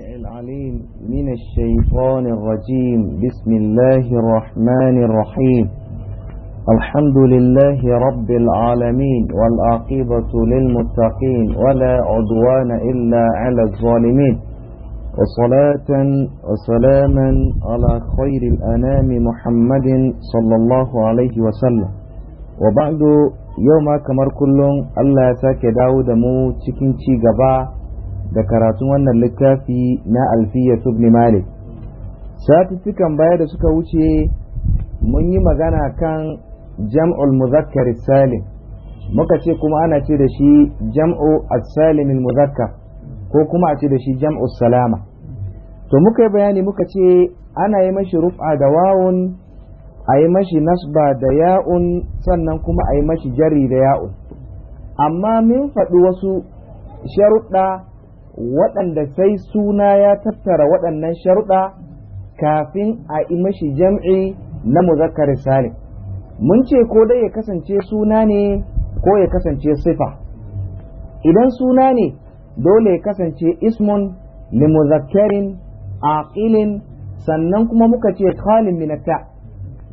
العليم من الشيطان الرجيم بسم الله الرحمن الرحيم الحمد لله رب العالمين والآقبة للمتقين ولا عدوان إلا على الظالمين وصلاة وسلاما على خير الأنام محمد صلى الله عليه وسلم وبعد يوم كمر كل الله ساك داود مو تكين تيغبا da karatun wannan littafi na alfiya ibn malik satuttukan baya da suka wuce mun yi magana kan jam'ul muzakkar salim muka ce kuma ana ce da shi jam'u as-salim muzakkar ko kuma a ce da shi jam'u salama to muka yi bayani muka ce ana yi mashi rufa da wawun a yi mashi nasba da ya'un sannan kuma a yi mashi jari da ya'un amma min faɗi wasu sharuɗa waɗanda sai suna ya tattara waɗannan sharuɗa kafin a yi mashi jam'i na muzakkar salim mun ce ko dai ya kasance suna ne ko ya kasance sifa idan suna ne dole ya kasance ismun li muzakkarin aqilin sannan kuma muka ce khalin minatta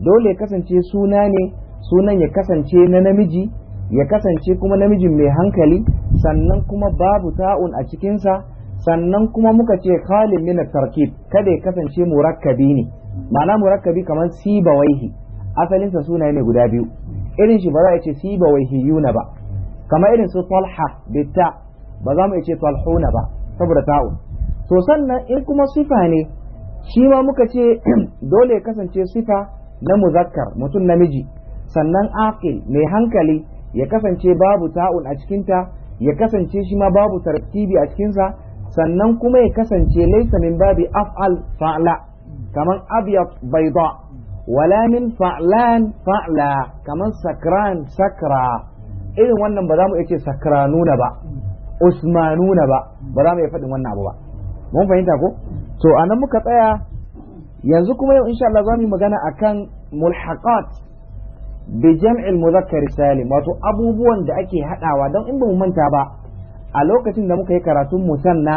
dole ya kasance suna ne sunan ya kasance na namiji ya kasance kuma namijin mai hankali sannan kuma babu ta'un a cikinsa sannan kuma muka ce khalin min tarkib kada ya kasance murakkabi ne ma'ana murakkabi kamar sibawaihi asalinsa sunaye ne guda biyu irin shi ba za a ce yuna ba kamar irin su talha bitta ba za mu ce talhuna ba saboda ta'un to sannan in kuma sifa ne shi ma muka ce dole ya kasance sifa na muzakkar mutum namiji sannan aqil mai hankali ya kasance babu ta'un a cikinta ya kasance shi ma babu tarkibi a cikinsa sannan kuma ya kasance laisa min babi af'al fa'la kaman abyad bayda wala min fa'lan fa'la kaman sakran sakra irin wannan ba za mu ce sakranuna ba usmanuna ba ba za mu iya faɗin wannan abu ba mun fahimta ko to anan muka tsaya yanzu kuma yau insha Allah za mu yi magana akan mulhaqat bijam al muzakkar salim wato abubuwan da ake hadawa don in ba mu manta ba a lokacin da muka yi karatun musanna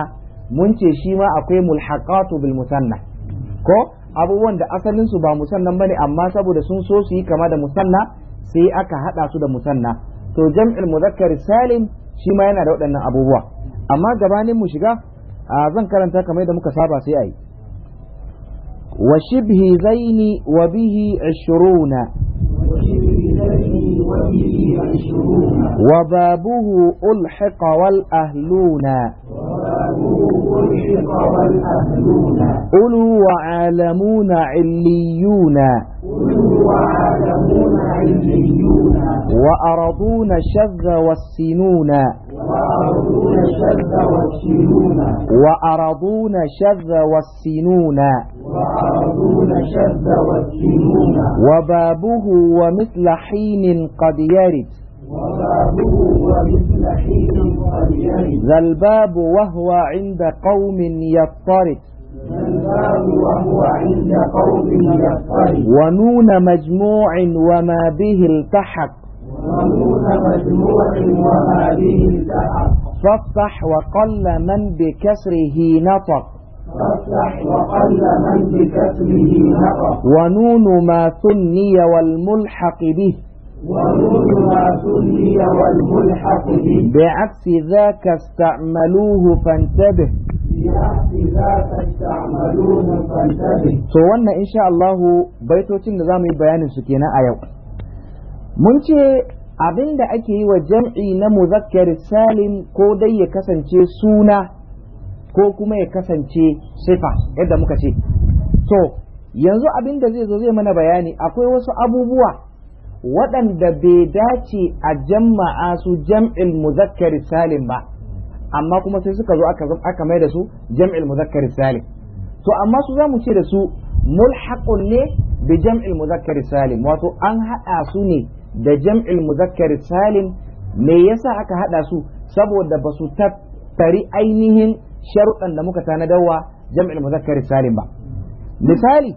mun ce shi ma akwai mulhaqatu bil musanna ko abubuwan da asalin su ba musannan bane amma saboda sun so su yi kama da musanna sai aka hada su da musanna to jam'il muzakkar salim shi ma yana da waɗannan abubuwa amma gabanin mu shiga zan karanta kamar yadda muka saba sai ayi wa shibhi zaini wa bihi 20 وبابه ألحق والأهلون أولو وعالمون عليون وأرضون شذ والسنون وأرضون شذ والسنون وأرضون شذ والسنون وبابه ومثل حين قد يرد وبابه ومثل حين قد يرد ذا الباب وهو عند قوم يضطرد وهو عند قوم يضطرد ونون مجموع وما به التحق فصح وقل من بكسره نطق وقل من بكسره نطق ونون ما ثني والملحق به بعكس ذاك استعملوه فانتبه بعكس ذاك استعملوه فانتبه سوى إن شاء الله بيتوتين نظام بيان السكينة أيوة mun ce abin da ake yi wa jam'i na muzakkar salim ko dai ya kasance suna ko kuma ya kasance sifa yadda muka ce to yanzu abin da zai zo zai mana bayani akwai wasu abubuwa waɗanda bai dace a jama'a su jam'il muzakkar salim ba amma kuma sai suka zo aka mai da su jam'il muzakkar salim to amma su za mu ce da su mulhaqun ne bi jam'il muzakkar salim wato an haɗa su ne da jam'il muzakkar salim me yasa aka hada su saboda ba su tattari ainihin sharuɗan da muka tanadarwa jam'il muzakkar salim ba misali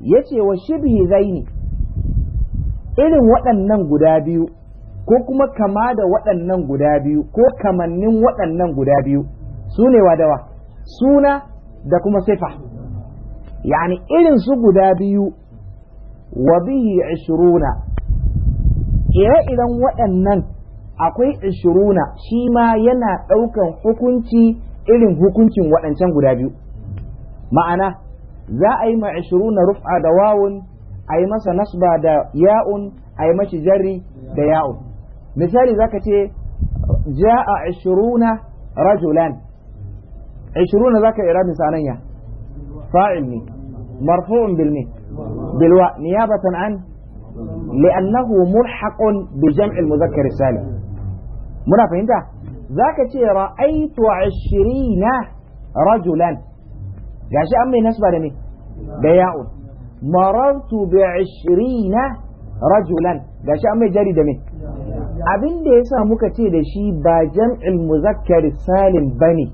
yace wa shibhi zaini irin waɗannan guda biyu ko kuma kama da waɗannan guda biyu ko kamannin waɗannan guda biyu su ne wadawa suna da kuma sifa yani irin su guda biyu wa bihi ire-iren waɗannan akwai ishiruna shi ma yana ɗaukan hukunci irin hukuncin waɗancan guda biyu ma'ana za a yi ma rufa da wawun a yi masa nasba da ya'un a yi mashi jarri da ya'un misali ka ce a ishiruna rajulan ishiruna zaka ira misalan ya fa'il ne marfu'un bilmi bilwa niyabatan an لأنه ملحق بجمع المذكر السالم منا فهمت ذاك تي رأيت عشرين رجلا جاشي أمي نسبة لني بياء مررت بعشرين رجلا جاشي أمي جري دمي abin da ya sa muka ce da shi ba jam'il muzakkar salim ba ne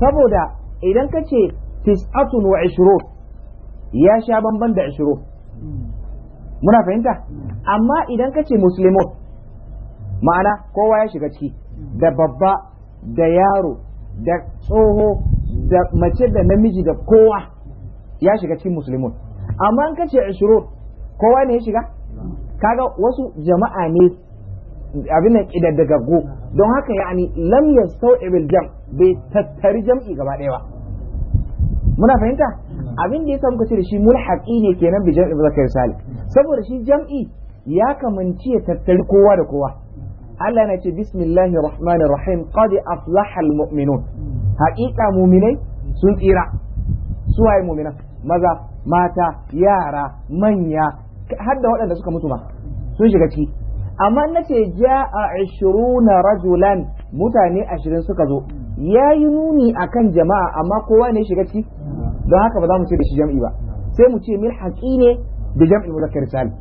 saboda idan ka ce tis'atun wa ishiro ya sha bamban da ishiro muna fahimta amma idan ka ce ma'ana kowa ya shiga ciki da babba da yaro da tsoho da mace da namiji da kowa ya shiga cikin musulmin amma an kace ashurur kowa ne ya shiga kaga wasu jama'a ne abin da gaggo don haka yani lam yastau'ibil jam bai tattari jam'i gaba ɗaya ba muna fahimta abin da yasa muka ce da shi mulhaqi ne kenan bi jam'i zakar salik saboda shi jam'i ya kamanci ya tattari kowa da kowa Allah na ce bismillahir rahmanir rahim qad aflaha al mu'minun haqiqa mu'minai sun tsira suwaye mu'mina maza mata yara manya har da waɗanda suka mutu ma sun shiga ciki amma na ce ja'a ishiruna rajulan mutane ashirin suka zo ya yi nuni a kan jama'a amma kowa ne shiga ciki don haka ba za mu ce da shi jam'i ba sai mu ce haƙi ne da jam'i muzakkar salim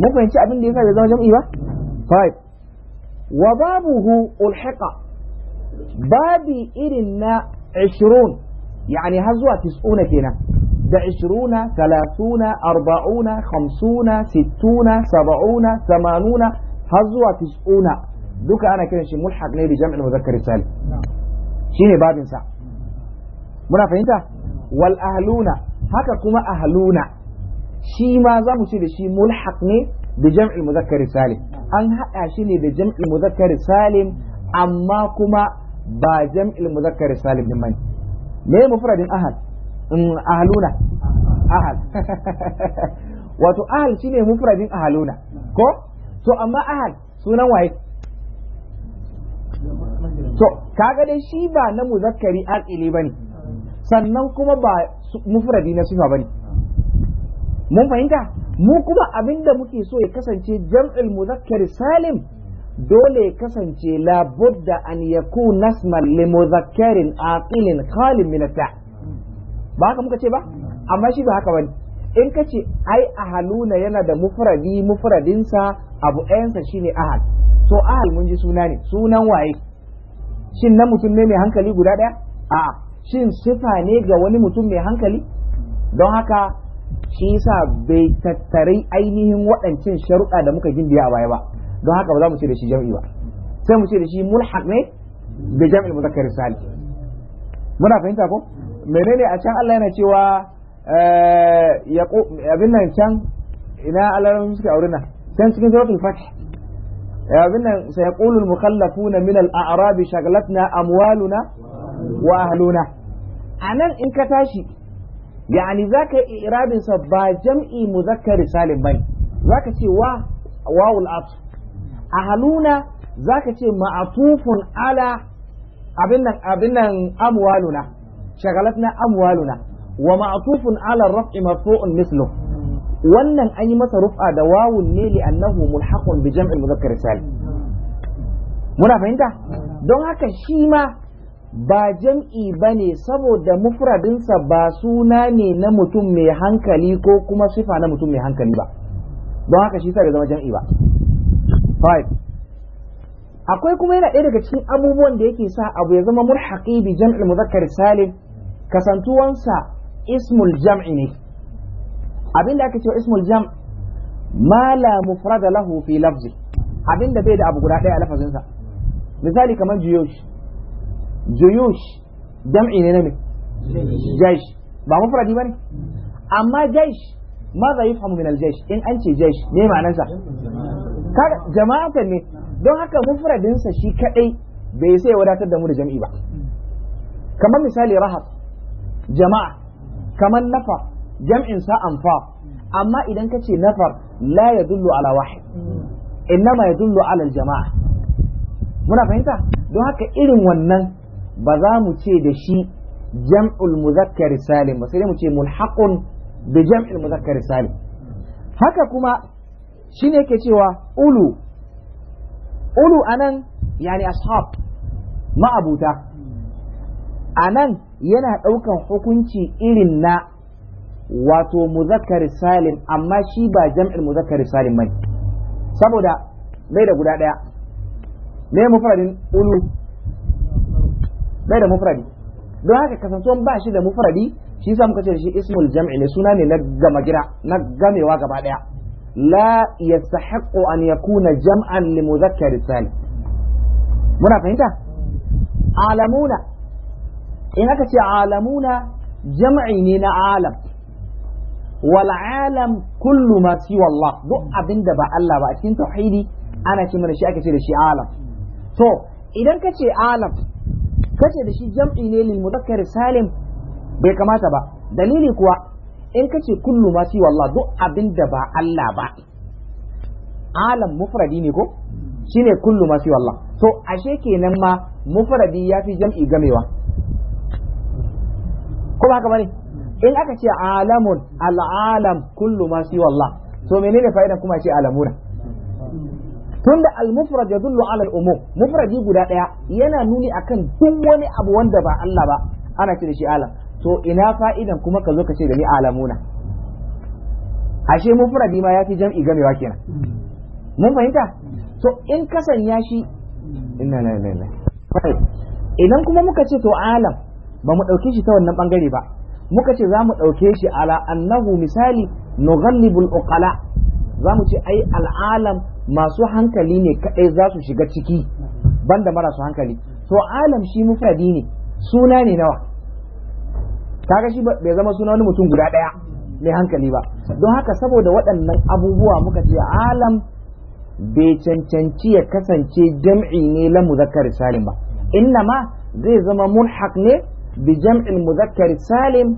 mun fahimci abin da yasa bai zama jam'i ba five wa babuhu ulhiqa babi irin na 20 yani har zuwa 90 kenan ده عشرون ثلاثون أربعون خمسون ستون سبعون ثمانون هزوة تسعون دوك أنا كده شي ملحق ليه بجمع المذكر السالم شيني باب ساعة منا فهمت والأهلون هكا كما أهلون shi ma za mu ce da shi mulhaq ne da jam'i muzakkari salim an haɗa shi ne da jam'i muzakkari salim amma kuma ba jam'i muzakkari salim din bane me mufradin ahal in mm, ahaluna ahal wato ahal shine mufradin ahaluna ko to amma ahal sunan waye to kaga dai shi ba na muzakkari al'ili bane sannan kuma ba mufradi na sifa bane mun fahimta mu kuma abinda muke so ya kasance jam'ul muzakkar salim dole ya kasance budda an yakuna nasman li muzakkarin aqilin khalin min ba haka muka ce ba amma shi ba haka bane in ka ce ai ahaluna yana da mufradi mufradinsa abu ɗayansa shine ahal so ahal mun ji suna ne sunan waye shin na mutum ne mai hankali guda daya a'a shin sifa ne ga wani mutum mai hankali don haka shi yasa bai tattare ainihin waɗancan sharuɗa da muka gindiya a baya ba don haka ba za mu ce da shi jam'i ba sai mu ce da shi mulhaq ne da jam'i muzakkar risali muna fahimta ko menene a can Allah yana cewa eh, ya abin nan can ina Allah ran suke aure na can cikin suratul fath ya eh, abin nan sai yaqulul mukhallafuna min al-a'rab shaglatna amwaluna wa ahluna anan in ka tashi yani za ka yi irabinsa ba jam'i muzakkari salim bane za ka ce wa wawul atsu a haluna za ka ce ala abin nan amwaluna shagalatna amwaluna wa ma'atufun ala raf'i marfu'un mislu wannan an yi masa rufa da wawun ne li annahu mulhaqun bi jam'il muzakkari salim muna fahimta don haka shi ma ba jam'i ba ne saboda mufradinsa ba suna ne na mutum mai hankali ko kuma sifa na mutum mai hankali ba don haka shi sa da zama jam'i ba akwai kuma yana ɗaya daga cikin abubuwan da yake sa abu ya zama murhaqi bi jam'il muzakkar salim kasantuwansa ismul jam'i ne abin da aka cewa ismul jam' ma la mufrada lahu fi lafzi da bai da abu guda ɗaya a lafazinsa misali kamar jiyoshi juyush jam'i ne na me jaish ba mufradi bane amma jaish ma za yafhamu min al-jaish in an ce jaish me ma'anarsa kaga ne don haka mufradin sa shi kadai bai sai wadatar da mu da jam'i ba kamar misali rahat jama'a kamar nafar jam'in sa anfa amma idan ka ce nafar la ya dullu ala wahid innama ya dullu ala jama'a muna fahimta don haka irin wannan ba za mu ce da shi jam'ul muzakkar salim ba sai mu ce mulhaqun da jam'il muzakkar salim haka kuma shi ne ke cewa ulu ulu anan yani ashab ma'abuta anan yana ɗaukan hukunci irin na wato muzakkar salim amma shi ba jam'il muzakkar salim mai. saboda bai da guda ɗaya me mufradin ulu bai da mufradi don haka kasantuwan ba shi da mufradi shi yasa muka ce shi ismul jam'i ne suna ne na gama gira na gamewa gaba daya la yastahiqu an yakuna jam'an li mudhakkar salim muna fahimta alamuna in aka ce alamuna jam'i ne na alam wal alam kullu ma siwa Allah duk abinda ba Allah ba a cikin tauhidi ana ce shi aka ce da shi alam to idan ka ce alam kace da shi jam'i ne lil mudakkar salim bai kamata ba dalili kuwa in kace kullu ma shi wallahi duk abinda ba Allah ba alam mufradi ne ko shine kullu ma shi wallahi to ashe kenan ma mufradi fi jam'i gamewa kuma haka bane in aka ce alamun al'alam kullu ma shi wallahi to menene fa'idan kuma ce alamuna tunda al-mufrad yadullu ala al-umum mufradi guda daya yana nuni akan duk wani abu wanda ba Allah ba ana cire shi alam to ina fa'idan kuma ka zo ka ce da ni alamuna ashe mufradi ma yafi jam'i gamewa kenan mun fahimta to in ka sanya shi inna la ilaha illa idan kuma muka ce to alam ba mu dauke shi ta wannan bangare ba muka ce za mu dauke shi ala annahu misali nughallibul uqala za mu ce ai al'alam masu hankali ne kaɗai za su shiga ciki banda marasu hankali to alam shi mufradi ne suna ne nawa kaga shi bai zama suna wani mutum guda daya mai hankali ba don haka saboda waɗannan abubuwa muka ce alam bai cancanci ya kasance jam'i ne la muzakkar salim ba innama zai zama mulhaq ne bi jam'i muzakkari salim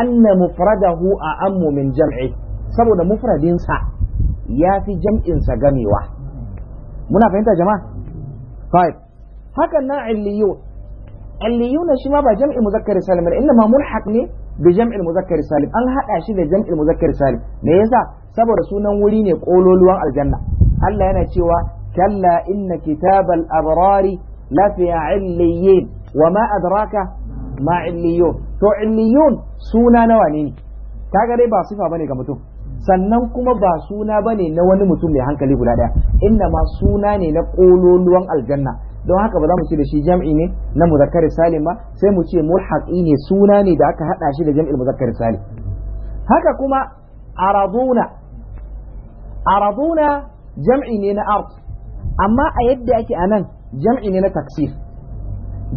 anna mufradahu a min jam'i saboda mufradinsa ya fi jam'insa gamewa muna fahimta jama'a طيب hakan nan illiyun illiyun shi ma ba jam'i muzakkar salim ne inna ma mulhaq ne da jam'i muzakkar salim an hada shi da jam'i muzakkar salim me yasa saboda sunan wuri ne kololuwan aljanna Allah yana cewa kalla inna kitabal abrari la fi wa ma adraka ma illiyun to illiyun suna nawa ne kaga dai ba sifa bane ga mutum sannan kuma ba suna bane na wani mutum mai hankali guda daya inda ma suna ne na ƙololuwan aljanna don haka ba za mu ce da shi jam'i ne na muzakkar salim ba sai mu ce mulhaqi ne suna ne da aka haɗa shi da jam'i muzakkar salim haka kuma araduna araduna jam'i ne na ard amma a yadda ake a nan jam'i ne na taksir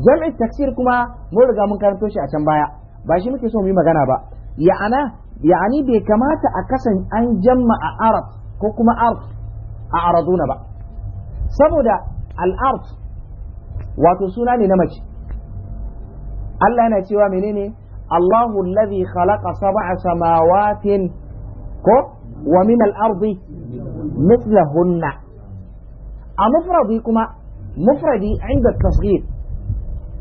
jam'i taksir kuma mun riga mun karanto shi a can baya ba shi muke so mu yi magana ba ya'ana yani bai kamata a kasan an jamma a arab ko kuma a a araduna ba saboda al'arab wato suna ne na mace Allah yana cewa menene Allahu khalaƙa khalaqa sab'a samawatin ko wa min al-ardi mithlahunna a mufradi kuma mufradi inda tasghir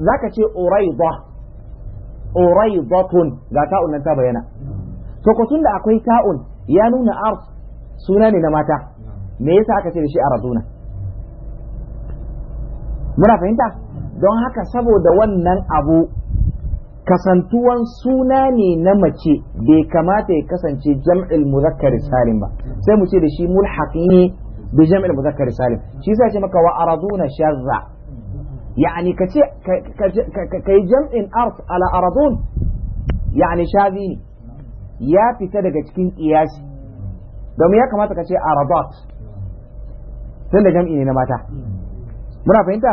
zaka ce urayda uraydatun ga ta ta bayyana sokotun da akwai ta'un ya nuna ars suna ne na mata me yasa aka ce da shi araduna muna fahimta don haka saboda wannan abu kasantuwan suna ne na mace bai kamata ya kasance jam'il muzakkar salim ba sai mu ce da shi mulhaqi ne da jam'il muzakkar salim shi yasa ce maka wa araduna sharra yani kace kai jam'in arf ala aradun yani shazi ne ya fita daga cikin kiyasi domin ya kamata ka ce arabat tun da jam'i ne na mata muna fahimta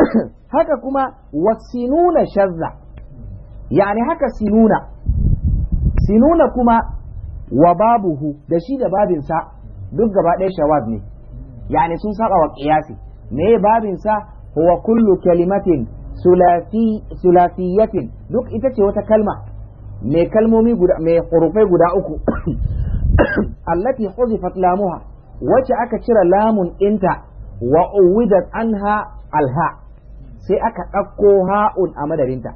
haka kuma wasinuna shazza yani haka sinuna sinuna kuma wa babuhu da shi da babinsa duk gaba ɗaya shawab ne yani sun saba wa kiyasi me babinsa huwa kullu kalimatin sulafiyatin duk ita ce wata kalma mai kalmomi guda mai hurufai guda uku allati huzifat lamuha wacce aka cire lamun inta wa uwidat anha alha sai aka ɗauko ha'un a madarinta?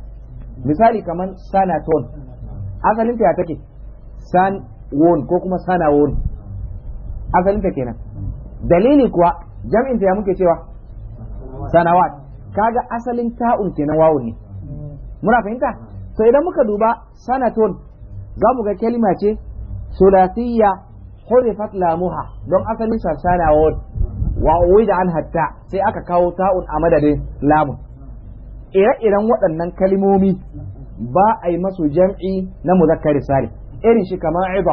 misali kamar sanaton asalinta ya take san won ko kuma sana won asalinta kenan dalili kuwa jam'inta ya muke cewa sanawat kaga asalin ta'un kenan wawun ne muna fahimta sai idan muka duba sanatun za mu ga kalima ce sulasiyya hurifat lamuha don asalin sa sanawon wa uwida an hatta sai aka kawo ta'un a madadin lamun ire-iren waɗannan kalimomi ba a yi masu jam'i na muzakkari sare. irin shi kamar iba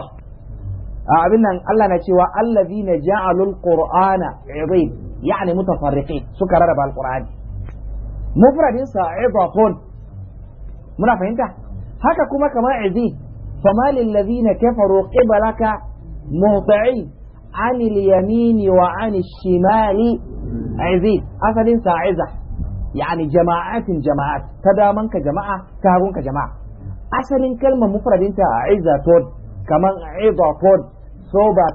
a abin nan Allah na cewa allazi na ja'alul qur'ana ibin yani mutafarriqin suka rarraba alqur'ani mufradin sa ibafun muna fahimta haka kuma kamar izi fama lillazina kafaru qibalaka muhta'i anil yamini wa anil shimali izi asalin sa'iza yani jama'atin jama'at ta daman ka jama'a ta hagun ka jama'a asalin kalmar mufradinta ton kaman idatun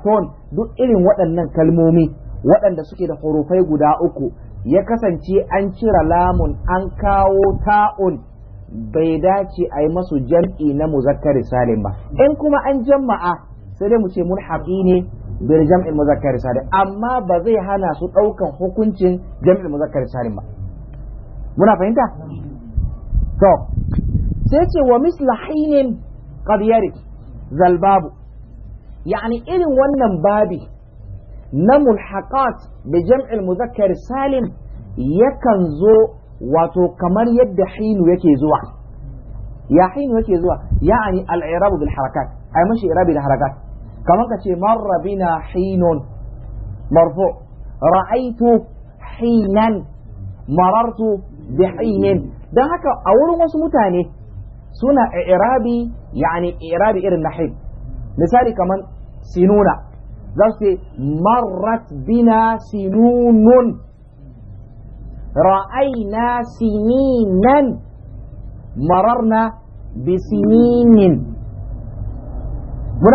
ton duk irin waɗannan kalmomi waɗanda suke da hurufai guda uku ya kasance an cire lamun an kawo ta'un bai dace a yi masu jam'i na muzakkari salim ba in kuma an jama'a sai dai mu ce mulhaqi ne bil jam'i muzakkari salim amma ba zai hana su ɗaukan hukuncin jam'i muzakkari salim ba muna fahimta to sai ce wa misla hinin qad zalbabu yani irin wannan babi na mulhaqat bi jam'in muzakkari salim yakan zo wato kamar yadda hinu yake zuwa ya hinu yake zuwa ya'ani al irab bil harakat ay mashi i'rabi da harakat kamar ka ce marra bina hinun marfu ra'aitu hinan marartu bi hinin dan haka a wurin wasu mutane suna i'rabi yani i'rabi irin nahib misali kamar sinuna zasu ce marrat bina sinunun رأينا سنينا مررنا بسنين منا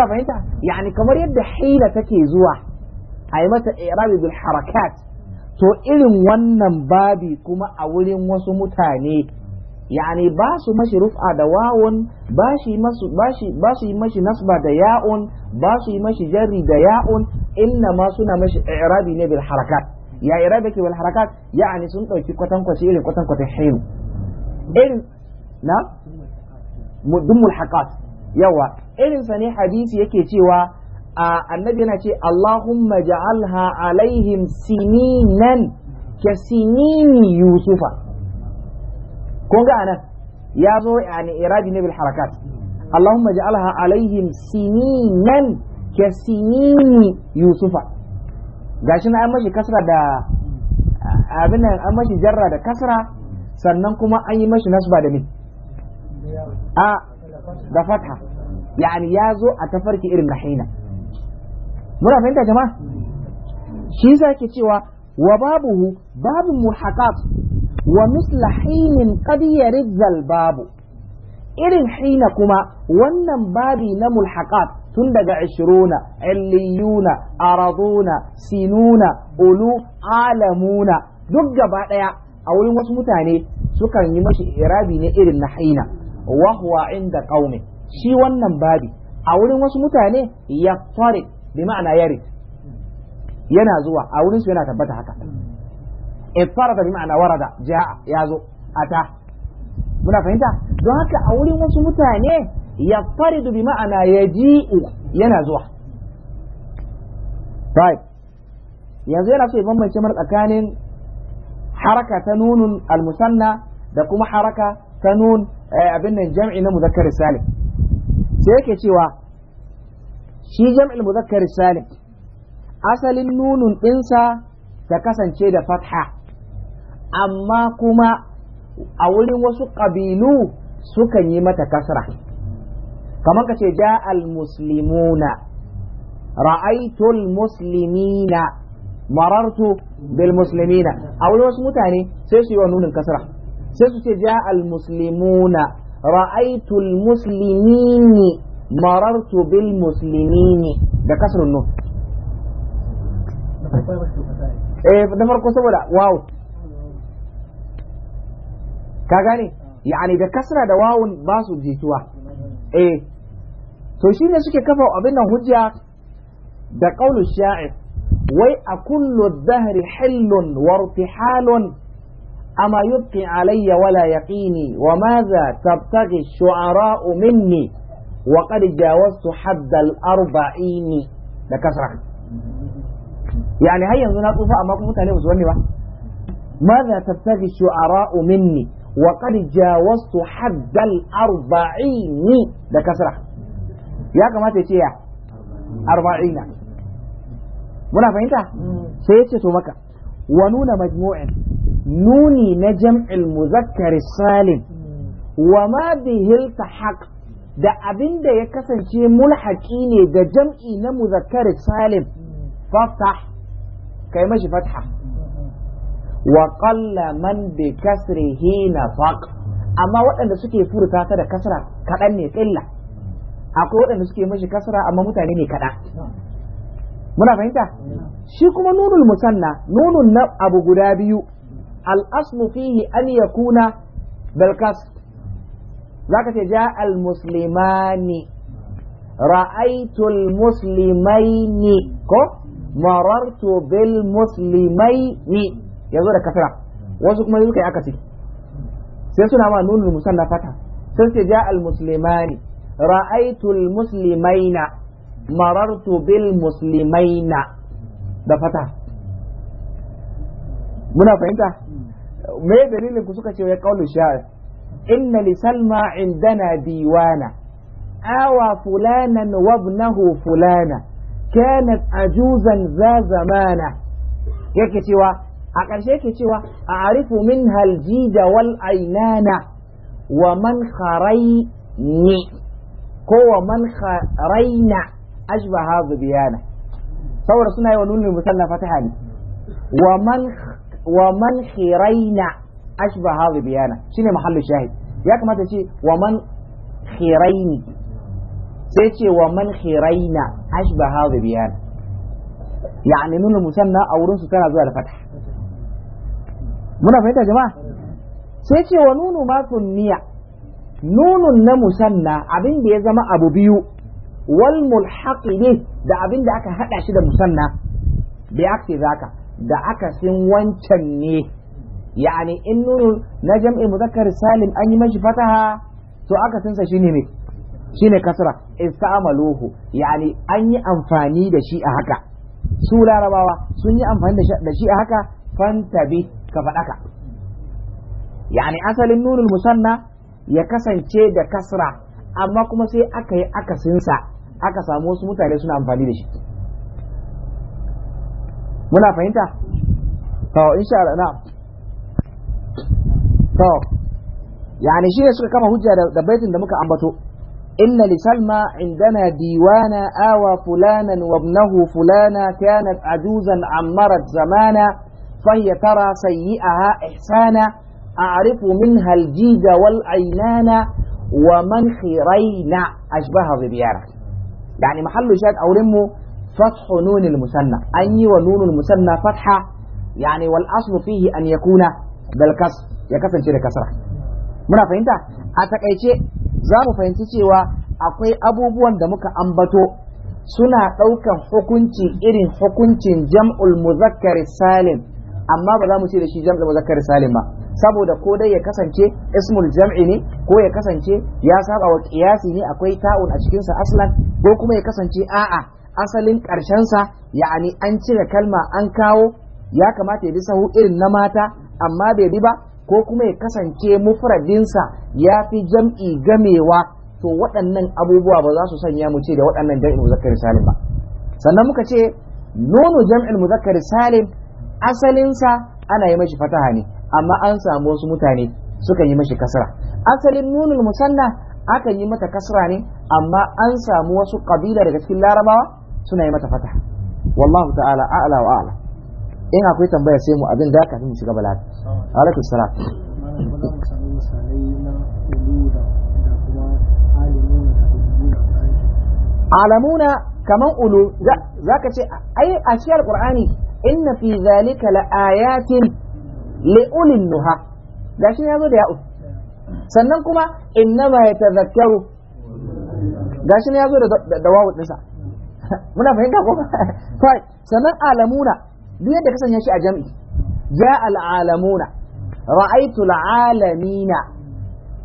فهمت يعني كمر يد حيلة تكي تكيزوا أي متى إعراب بالحركات تو إلم ونن بابي كما أولي موسو متاني يعني باسو ماشي رفع دواون باشي مسو باشي باشي ماشي نصب دياون باشي ماشي جري دياون إنما سنا ماشي إعرابي نبي الحركات ya irabaki wal harakat ya'ani sun dauki kwatankwace irin kwatankwacin hiru irin na mudummul haqat yawa irin sa ne hadisi yake cewa annabi yana ce Allahumma ja'alha alaihim sininan ka sinini yusufa kun ga anan ya zo yani irabi ne bil harakat Allahumma ja'alha alaihim sininan ka sinini yusufa gashi na an mashi kasra da abin nan an mashi jarra da kasra sannan kuma an yi mashi nasba da min a da fatha yani ya zo a tafarki irin kahina muna fahimta jama'a shi yasa ke cewa wa babuhu babu muhaqqaq wa misla hinin qad yarid babu irin hina kuma wannan babi na mulhaqat tun daga ashiruna illiyuna araduna sinuna ulu alamuna duk gaba daya a wurin wasu mutane sukan yi mashi irabi ne irin na haina wa huwa inda qaumi shi wannan babi a wurin wasu mutane ya fare bi ma'ana yari yana zuwa a wurin su yana tabbata haka ifarada bi ma'ana warada ja'a yazo ata muna fahimta don haka a wurin wasu mutane yaftaridu bi ma'ana yaji'u yana zuwa طيب yanzu yana so ya bambance mana tsakanin haraka ta nunun almusanna da kuma haraka ta nun abin nan jam'i na muzakkar salim sai yake cewa shi jam'il muzakkar salim asalin nunun ɗinsa ta kasance da fatha amma kuma a wurin wasu ƙabilu sukan yi mata kasra kamar ka ce ja al-muslimuna ra'aitul muslimina marartu bil muslimina a wani wasu mutane sai su yi wa nunin kasra sai su ce ja al muslimuna ra'aitul muslimini marartu bil muslimini da kasrun nun eh da farko saboda wow ka gane ah. yani da kasra da wawun ba su jituwa eh to shine suke kafa abin nan hujja da qaulu sha'ir wai a kullu dhahri hillun wa irtihalun أما يبقي علي ولا يقيني وماذا تبتغي الشعراء مني وقد جاوزت حد الأربعين ده كسرة يعني هيا من أطوفة أما كنت عليه وسواني بقى ماذا تبتغي الشعراء مني وقد جاوزت حد الأربعين ده كسرة ya kamata ya ce ya arba'ina muna fahimta sai ya ce to maka wa nuna majmu'in nuni na jam'il muzakkar salim wa ma bihil tahaq da abin da ya kasance mulhaki ne ga jam'i na muzakkar salim faftah kai mashi fatha wa qalla man bi kasrihi nafaq amma waɗanda suke furta ta da kasra kaɗan ne ƙilla akwai waɗanda suke mashi kasara amma mutane ne kaɗa. muna fahimta shi kuma nunul musanna nunun na abu guda biyu al'asmu fihi an kuna belkas za ka ce ja al-muslimani ra'aitul ni ko marartu bil muslimaini yanzu da kasara. wasu kuma yi suka yi akasi sai suna ma nunul musanna fata sai ce ja al-muslimani ra'aitul muslimaina marartu bil muslimaina da fata muna fahimta me dalilin ku suka ya kaulu sha'ir inna li salma indana diwana awa fulanan wa ibnahu fulana kanat ajuzan za zamana yake cewa a ƙarshe yake cewa a arifu min haljija wal ainana wa man kharai ni ko wa man kharaina hadu biyana saboda suna yi wa nunin musalla fataha ne wa man wa man khiraina ashbaha zubiyana shine mahallu shahid ya kamata ce wa man khiraini sai ce wa man khiraina ashbaha zubiyana yani nunin na a wurin su tana zuwa da fataha muna fahimta jama'a sai ce wa nunu ma sunniya nunun na musanna abin da ya zama abu biyu wal mulhaqi ne da abin da aka hada shi da musanna bi aksi zaka da aka sin wancan ne yani in nunun na jam'i mudhakkar salim an yi mashi fataha to aka sa shine ne shine kasra istamaluhu yani an yi amfani da shi a haka su larabawa sun yi amfani da shi a haka fantabi ka faɗaka yani asalin nunul musanna ya kasance da kasra amma kuma sai aka yi akasinsa aka samu wasu mutane suna amfani da shi muna fahimta to insha Allah to yani shi ne suka kama hujja da baitin da muka ambato إن لسلمى عندنا ديوانا آوى فلانا وابنه فلانا كانت عجوزا عمرت زمانا فهي ترى سيئها إحسانا أعرف منها الجيز والأينان ومن خيرين أشبه ببيارة يعني محل شاد أورمه فتح نون المسنة أي ونون المسنة فتحة يعني والأصل فيه أن يكون بالكسر يا كسر شيري كسرة منا فهمت أتك أي شيء زارو فهمت شيء أقوي أبو بوان دمك أنبتو سنة أوكا حكمتي إرين حكمتي جمع المذكر السالم amma ba za mu ce da shi jam'u muzakkar salim ba saboda ko dai ya kasance ismul jam'i ne ko ya kasance ya saba wa qiyasi ne akwai ta'un a cikin sa aslan ko kuma ya kasance a'a asalin karshen sa ya'ani an cire kalma an kawo ya kamata ya bi sahu irin na mata amma bai bi ba ko kuma ya kasance mufradinsa ya fi jam'i gamewa to waɗannan abubuwa ba za su sanya mu ce da waɗannan jam'in muzakkar salim ba sannan muka ce nono jam'in muzakkar salim asalinsa ana yi mashi fataha ne amma an samu wasu mutane suka yi mashi kasra asalin nunul musanna akan yi mata kasra ne amma an samu wasu kabila daga cikin larabawa suna yi mata fataha wallahu ta'ala a'la wa a'la in akwai tambaya sai mu abin da ya kafin mu shiga bala'i alaikum salam alamuna kaman ulu za ka ce ai ashiyar qur'ani inna fi zalika la ayatin li ulil nuha gashi ya zo da ya ya'u sannan kuma inna ma yatazakkaru gashi ya zo da da wawu dinsa muna fahimta ko ba. sannan alamuna duk yadda ka sanya shi a jami'i ja al'Alamuna, alamuna ra'aytu al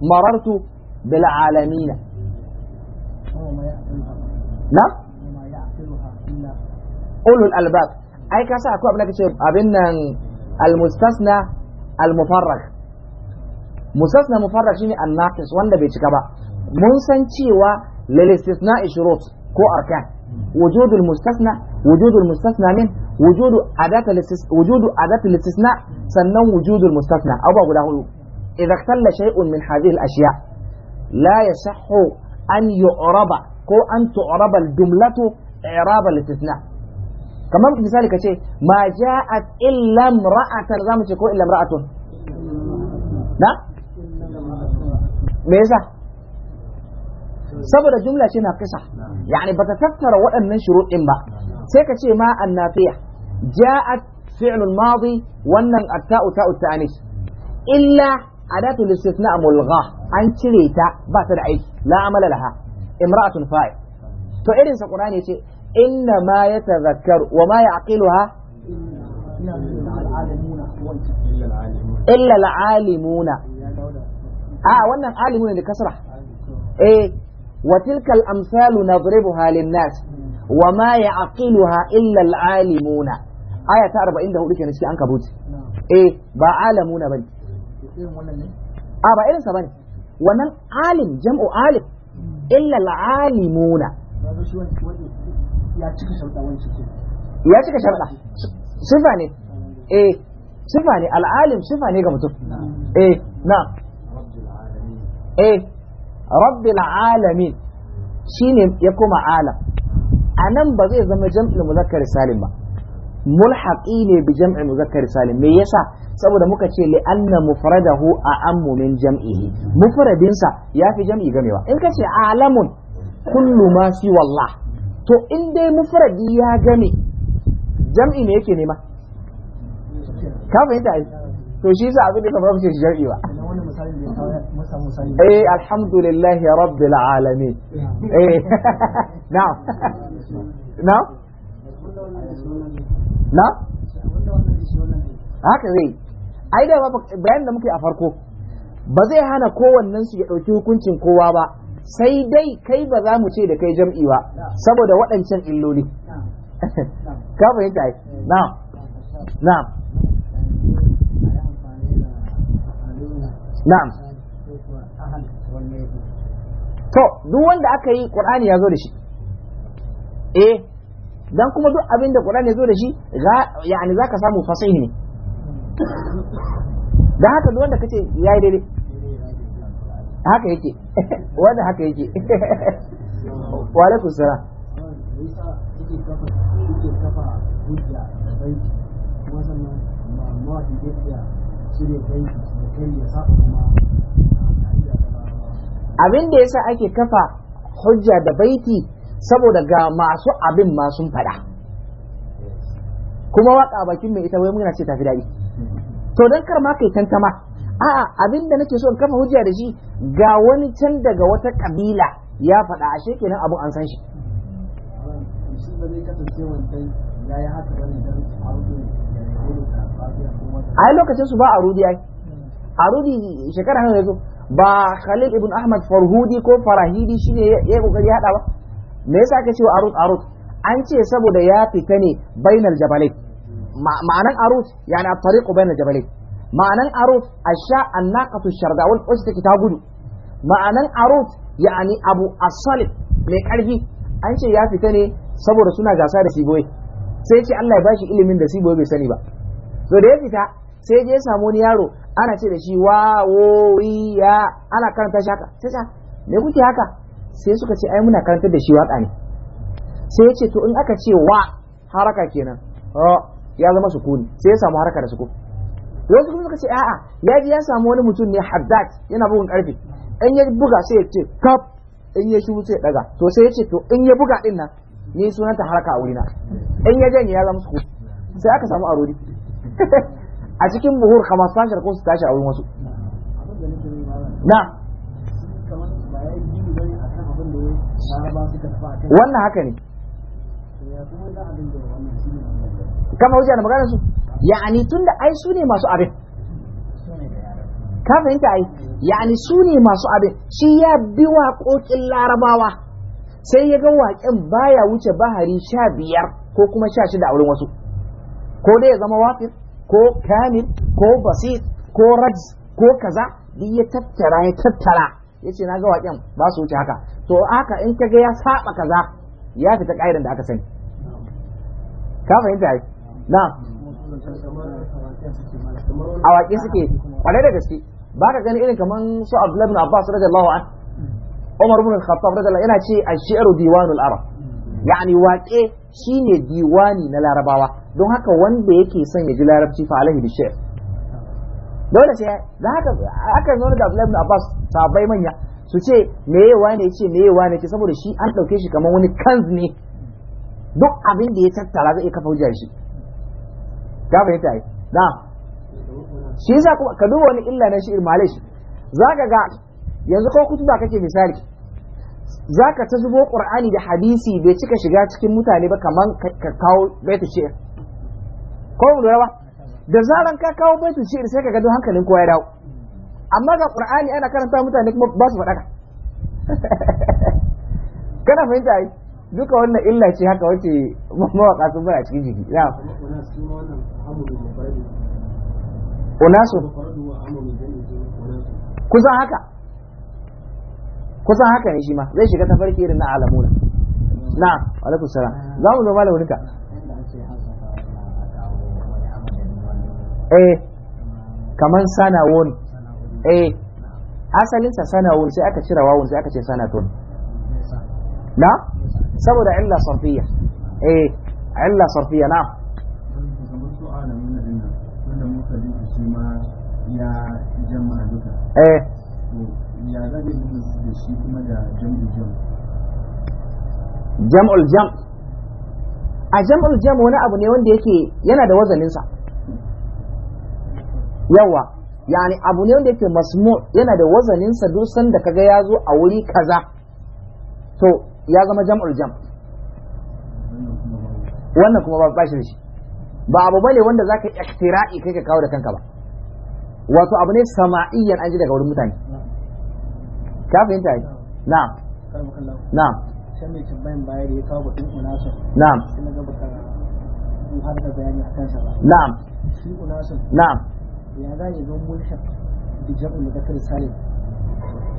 marartu bil alamina na ulul albab ai ka sa akwai abin da kace abin nan almustasna almufarrag mustasna mufarrag shine annaqis wanda bai cika ba mun san cewa lil istisna shurut ko arkan wujud almustasna wujud almustasna min wujud adat wujud adat istisna sannan wujud almustasna aw ba guda hudu idza ikhtalla shay'un min hadhihi al-ashya la yasahhu an yu'raba ko an tu'raba al-jumlatu i'raba al-istisna kamar misali ka ce ma ja'at illa imra'atan zamu ce ko illa imra'atun na me saboda jumla ce na fisa yani bata tattara waɗannan shuruɗin ba sai ka ce ma annafiya ja'at fi'l al-madi wannan at-ta'u ta'u ta'anis illa adatu listifna mulgha an cire ta ba ta da aiki la amala laha imra'atun fa'il to irin sa qur'ani ce inna ma ya tazakkaru wa ma ya aqiluha illa al'alimuna a wannan al'imu ne da kasra eh wa tilka al'amsalu nadribuha lin-nas wa ma ya aqiluha illa al'alimuna aya ta 44 kenan shi an kabuci eh ba alamuna bane a ba irin irinsa bane wannan alim jam'u alim illa al'alimuna ya cika sharɗa wancan ya cika sharɗa sifa ne eh sifa ne al'alim sifa ne ga mutum eh na eh rabbil alamin shine ya koma alam A nan ba zai zama jam'il muzakkar salim ba mulhaqi ne bi jam'il muzakkar salim me yasa saboda muka ce li anna mufradahu a'ammu min jam'ihi mufradinsa yafi jam'i gamewa in ka ce alamun kullu ma fi wallah to in dai mufradi ya gane jam'i ne yake nema ka fahimta ai to shi yasa abin da ba fara ce jam'i ba eh alhamdulillah rabbil alamin eh na'am na'am na haka zai ai da bayan da muke a farko ba zai hana kowannen su ya dauki hukuncin kowa ba sai dai kai ba za mu ce da kai jam'i ba saboda waɗancan illoli ka fahimta ai na'am na'am na'am to duk wanda aka yi qur'ani ya zo da shi eh don kuma duk abin da qur'ani ya zo da shi ya'ani za ka samu fasihi ne Don haka duk wanda ka ce ya yi daidai haka yake wanda haka yake wa alaikum abin da yasa ake kafa hujja da baiti saboda ga masu abin ma fada kuma waka bakin mai ita wai muna ce tafi daɗi to don kar ma kai tantama a'a abin da nake so in kafa hujja da shi ga wani can daga wata kabila ya faɗa a kenan abu an san shi ai lokacin su ba a rudi ai a rudi shekara hana yazo ba Khalil ibn Ahmad Farhudi ko Farahidi shi ne ya kokari hada ba me yasa aka ce wa arut arut an ce saboda ya fita ne bainal jabalai ma'anan arut yana tariqu bainal jabalai ma'anan arut asha annaqatu sharda wal wacce take ta gudu ma'anan arut ya'ani abu as mai karfi an ce ya fita ne saboda suna gasa da siboye sai ce Allah ya bashi ilimin da siboye bai sani ba so da ya fita sai je samu wani yaro ana ce da shi ya ana karanta shi haka sai ta me kuke haka sai suka ce ai muna karantar da shi waka ne sai ya ce to in aka ce wa haraka kenan oh, ya zama sukuni sai ya samu haraka da sukuni wasu kuma suka ce a'a ya ji ya samu wani mutum ne haddad yana bugun karfe in ya buga sai ya ce kaf in ya shi sai ya daga to sai ya ce to in ya buga din nan ni sunanta haraka a wurina in ya janye ya zama sukut sai aka samu arori a cikin buhur kama sashi su tashi a wurin wasu na wannan haka ne kama wuce da magana su ya'ani tunda ai su ne masu abin kafin ta ai ya'ani su ne masu abin shi ya bi waƙoƙin larabawa sai ya ga waƙen baya wuce bahari sha biyar ko kuma sha shida a wurin wasu ko dai ya zama wafir ko kamil ko basit ko rajz ko kaza duk ya tattara ya tattara ya ce na ga waƙen ba su wuce haka to haka in ka ga ya saba kaza ya fita ƙa'idan da aka sani ka fahimta ai na awaki suke kwarai da gaske ba ka gani irin kaman su Abdullahi bin Abbas radiyallahu an Umar bin Khattab radiyallahu yana ce ash-shi'ru diwanul arab yani waƙe shine diwani na larabawa don haka wanda yake son ya ji larabci fa alaihi bi shi'r dole sai da haka aka zo da Abdullahi bin Abbas sabai manya su ce me yawa ne ce me yawa ne ce saboda shi an dauke shi kaman wani kanz ne duk abin da ya tattara zai kafa hujjar shi ta fahimta ai na shi yasa kuma ka duba wani illa na shi'ir malish zaka ga yanzu ko kutuba kake misali zaka ta zubo qur'ani da hadisi bai cika shiga cikin mutane ba kaman ka kawo baitu shi'ir ko mu ba da zaran ka kawo baitu shi'ir sai ka ga duk hankalin kowa ya dawo amma ga qur'ani ana karanta mutane kuma ba su faɗaka. kana fahimta yi. duka wannan illa ce haka wace mawaka sun bada cikin jiki na kusan haka kusan haka ne shi ma zai shiga tafarki irin na alamuna na alaikum sara za mu zo da wurinka eh kaman sanawon eh asalinsa sanawon sai aka cire wawon sai aka ce sanatun na saboda illa sarfiya eh illa sarfiya na eh jam'ul jam a jam'ul jam wani abu ne wanda yake yana da wazaninsa yawa yani abu ne wanda yake masmu yana da wazaninsa dusan da kaga ya zo a wuri kaza to ya zama jam'ul jam wannan kuma ba shi shi ba abu bane wanda zaka iktira'i kai ka kawo da kanka ba wato abu ne sama'iyyan an ji daga wurin mutane ka fahimta yi na'am na'am sai mai tambayan baya da ya kawo batun unasun na'am sai na ga baka har da bayani akan sa ba na'am shi unasun na'am ya zai zo mulkin da da zakar salim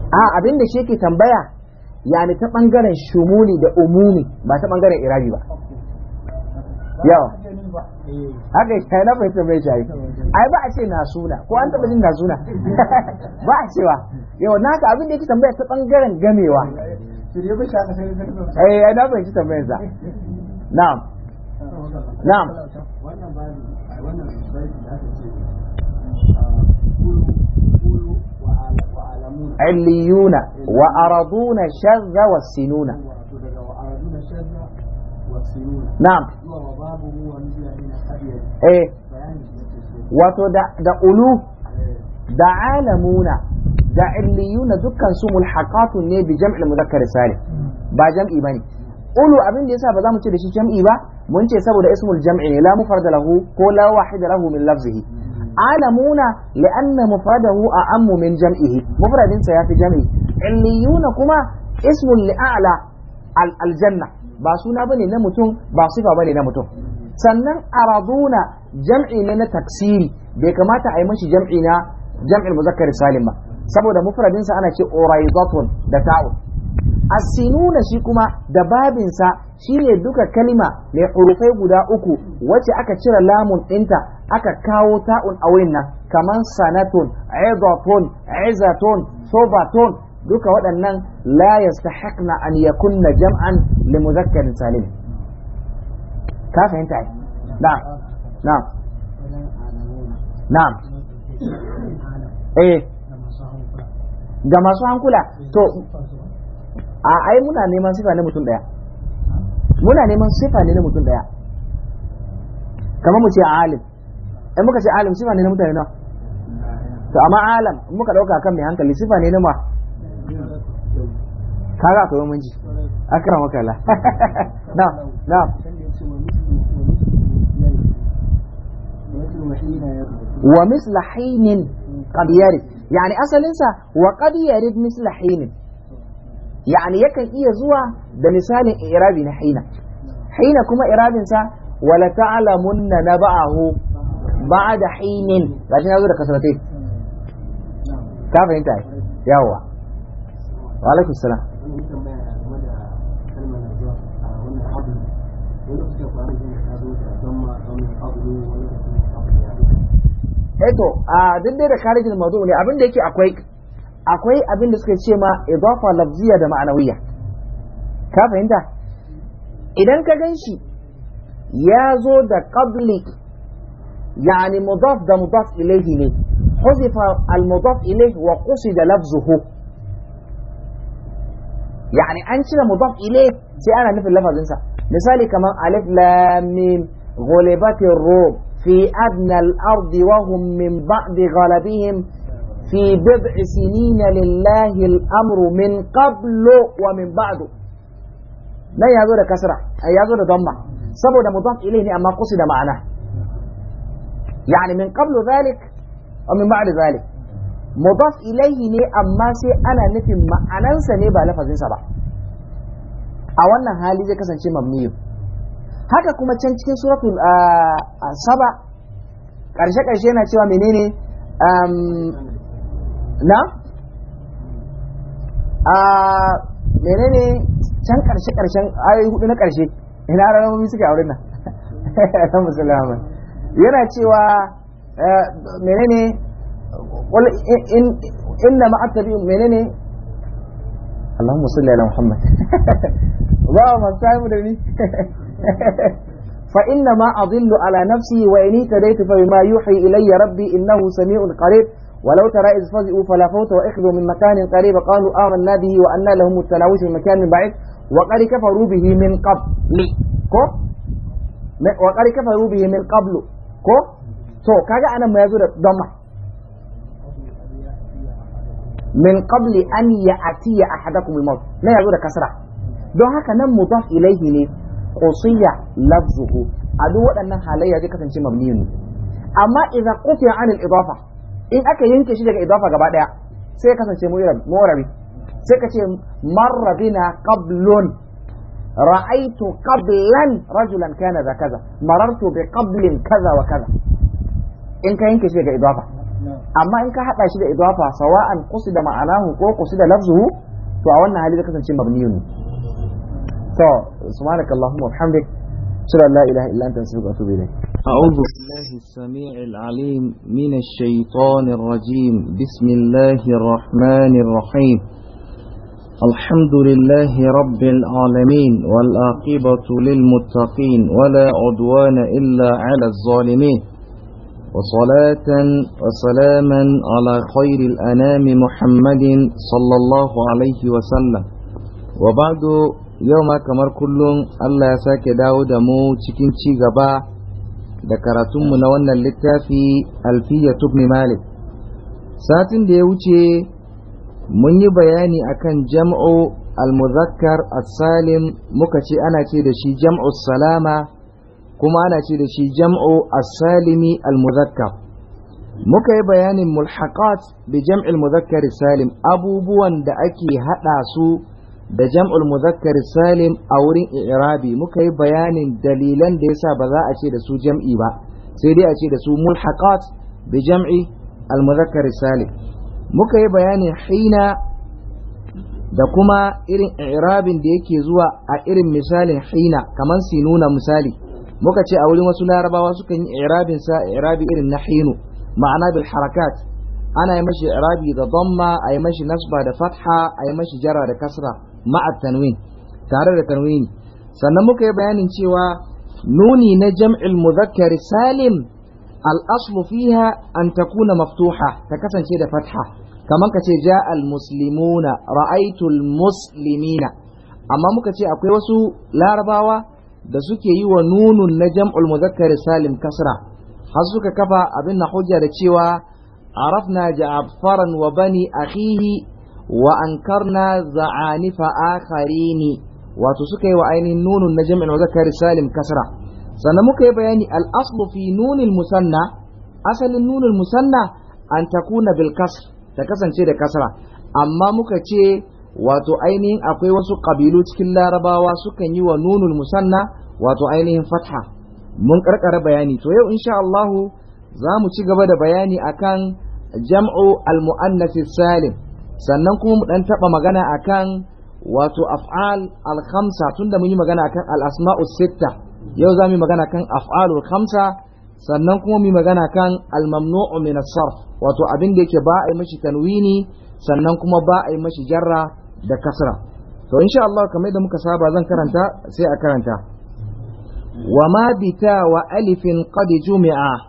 a abin da shi ke tambaya yani ta bangaren shumuni da umumi ba ta bangaren irabi ba yawa haka yi na fahimta mai shayi ai ba a ce na suna ko an taɓa jin na suna ba a cewa yawa na ka abin da yake tambaya ta bangaren gamewa eh na fahimci tambayarsa na'am na'am illiyuna wa araduna shadda wa sinuna wato da ulu da alamuna da illiyuna dukkan su mulhaqatun ne bi jam'il mudhakkar salim ba jam'i bane ulu abin da yasa ba za mu ce da shi jam'i ba mun ce saboda ismul jam'i la mufarrad lahu ko la wahid lahu min lafzihi alamuna li'anna mufradahu a'ammu min jam'ihi mufradinsa ya fi jam'i illiyuna kuma ismun li'ala aljanna ba suna bane na mutum ba sifa bane na mutum sannan araduna jam'i ne na taksiri bai kamata a yi mashi jam'i na jam'il muzakkar salim ba saboda mufradinsa ana ce uraidatun da ta'un asinuna shi kuma da babinsa ne duka kalima mai hurufai guda uku wacce aka cire lamun ɗinta aka kawo ta'un a wurin nan kaman sanaton, idatun izatun sobaton, duka waɗannan la yastahiqna an yakunna jam'an li mudhakkarin salim ka fahimta ai na'am na'am na'am eh ga masu hankula to a ai muna neman sifa na mutum daya muna neman sifa ne na mutum daya kamar mu ce alim in muka ce alim sifa ne na mutane na to amma alam in muka dauka kan mai hankali sifa ne na ma kaga mun ji akram kala na na wa mislahin hinin qad yarid yani asalinsa wa qad yarid yani yakan iya zuwa da misalin irabi na haina, haina kuma irabin sa wala ta'lamunna naba'ahu ba'da hinin gashi na zo da kasratai ka fahimta yawa wa alaikum salam Eto, a duk dai da karajin mazu ne abin da yake akwai akwai abin da suka ce ma idafa lafziya da ma'anawiya ka fahimta idan ka gan shi ya zo da qabli yani mudaf da mudaf ilayhi ne huzifa al mudaf ilayhi wa qusida lafzuhu yani an cire mudaf ilayhi sai ana nufin lafazin sa misali kamar alif lam mim ghulibatir rum fi adna al ardi wa hum min ba'di ghalabihim في بضع سنين لله الأمر من قبل ومن بعد لا يزول كسرة أي يزول ضمة سبب مضاف إليه أما قصد معناه يعني من قبل ذلك ومن بعد ذلك مضاف إليه ne amma sai ana nufin ma'anansa ne ba lafazinsa ba a wannan hali zai kasance mamniyu haka kuma can cikin suratul saba karshe karshe yana cewa menene na a menene can karshe karshen ayoyi hudu na karshe ina rarrabi suke a wurin nan na musulman yana cewa eh, menene inna ma'attabi menene Allahumma salli ala Muhammad ba ma sai mu da ni fa inna ma adillu ala nafsi wa in tadaitu fa bima yuhi ilayya rabbi innahu sami'un qarib ولو ترى إذ فزئوا فلا فوت وإخذوا من مكان قريب قالوا آمنا به وأن لهم التلاوش من مكان بعيد وقد كفروا به من قبل كو وقد كفروا به من قبل كو تو كاجا أنا ما يزور ضمة من قبل أن يأتي أحدكم الموت لا يزور كسرة دو هكا نم مضاف إليه ني قصية لفظه أدو أن حاليا دي كتنشي مبنيين أما إذا قطع عن الإضافة in aka yanke shi daga idafa gaba daya sai kasance mu'rabi sai ka ce marra bina qablun ra'aitu qablan rajulan kana da kaza marartu bi qablin kaza wa kaza in ka yanke shi daga idafa amma in ka hada shi da idafa sawa'an qusida ma'anahu ko qusida lafzuhu to a wannan hali zai kasance mabniyun to subhanakallahumma wa bihamdik shalla la ilaha illa anta astaghfiruka wa atubu ilayk أعوذ بالله السميع العليم من الشيطان الرجيم بسم الله الرحمن الرحيم الحمد لله رب العالمين والآقبة للمتقين ولا عدوان إلا على الظالمين وصلاة وسلاما على خير الأنام محمد صلى الله عليه وسلم وبعد يوم كمر كل الله ساك داود مو تكين تيغبا da karatunmu na wannan littafi alfiya tubni malik satin da ya wuce mun yi bayani akan jam'u almuzakkar as-salim muka ce ana ce da shi Jam'u salama kuma ana ce da shi Jam'u as-salimi almuzakkar muka yi bayanin mulhaqat bi jam'il muzakkar salim abubuwan da ake hada su da jam'ul muzakkar salim a wurin i'rabi muka yi bayanin dalilan da yasa ba za a ce da su jam'i ba sai dai a ce da su mulhaqat bi jam'i al muzakkar salim muka yi bayanin hina da kuma irin i'rabin da yake zuwa a irin misalin hina kamar sinuna misali muka ce a wurin wasu larabawa sukan yi i'rabin sa i'rabi irin na hinu ma'ana bil harakat ana yi mashi i'rabi da damma a mashi nasba da fatha a mashi jara da kasra ma'a tanwin tare da tanwini sannan muka yi bayanin cewa nuni na jam'il muzakkar salim al'aslu fiha an takuna maftuha ta kasance da fatha kamar ka ce ja al-muslimuna ra'aitul muslimina amma muka ce akwai wasu larabawa da suke yi wa nunun na jam'ul muzakkar salim kasra har suka kafa abin na hujja da cewa arafna ja'faran wa bani akhihi wa ankarna za'anifa akharini wato suka yi wa ainihin nunun na jami'in zakari salim kasra sannan muka yi bayani al-aslu fi nunil musanna asalin nunil musanna an takuna bil kasr ta kasance da kasra amma muka ce wato ainihin akwai wasu kabilu cikin larabawa sukan yi wa nunul musanna wato ainihin fatha mun karkara bayani to yau insha Allah za mu ci gaba da bayani akan jam'u al-mu'annath salim sannan kuma mu dan taba magana akan wato af'al al-khamsa tunda mun yi magana akan al-asma'u sitta yau zamu yi magana kan af'alul khamsa sannan kuma mu yi magana kan al-mamnu'u min as-sarf wato abin da yake ba a yi mashi tanwini sannan kuma ba a yi mashi jarra da kasra to insha Allah kamar da muka saba zan karanta sai a karanta wa ma bita wa alifin qad jumi'a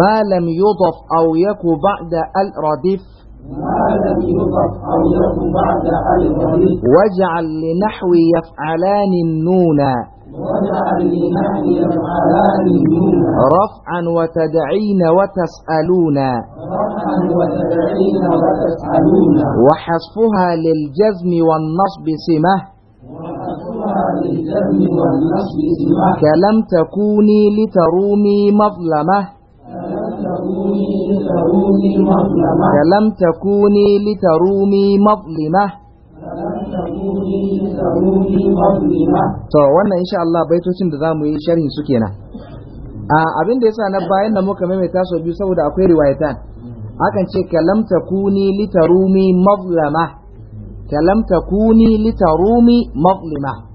ما لم يضف أو يكو بعد الرديف ما لم يضف أو بعد واجعل لنحو يفعلان النون واجعل يفعلان رفعا وتدعين وتسألون رفعا وتدعين وتسألون وحصفها للجزم والنصب سمه كلم تكوني لترومي مظلمة كلم تكوني لترومي مظلمة to wannan insha Allah baitocin da zamu yi sharhin su kenan a abin da yasa na bayan da muka maimaita so biyu saboda akwai riwayatan akan ce kalam takuni litarumi mazlama kalam takuni litarumi mazlima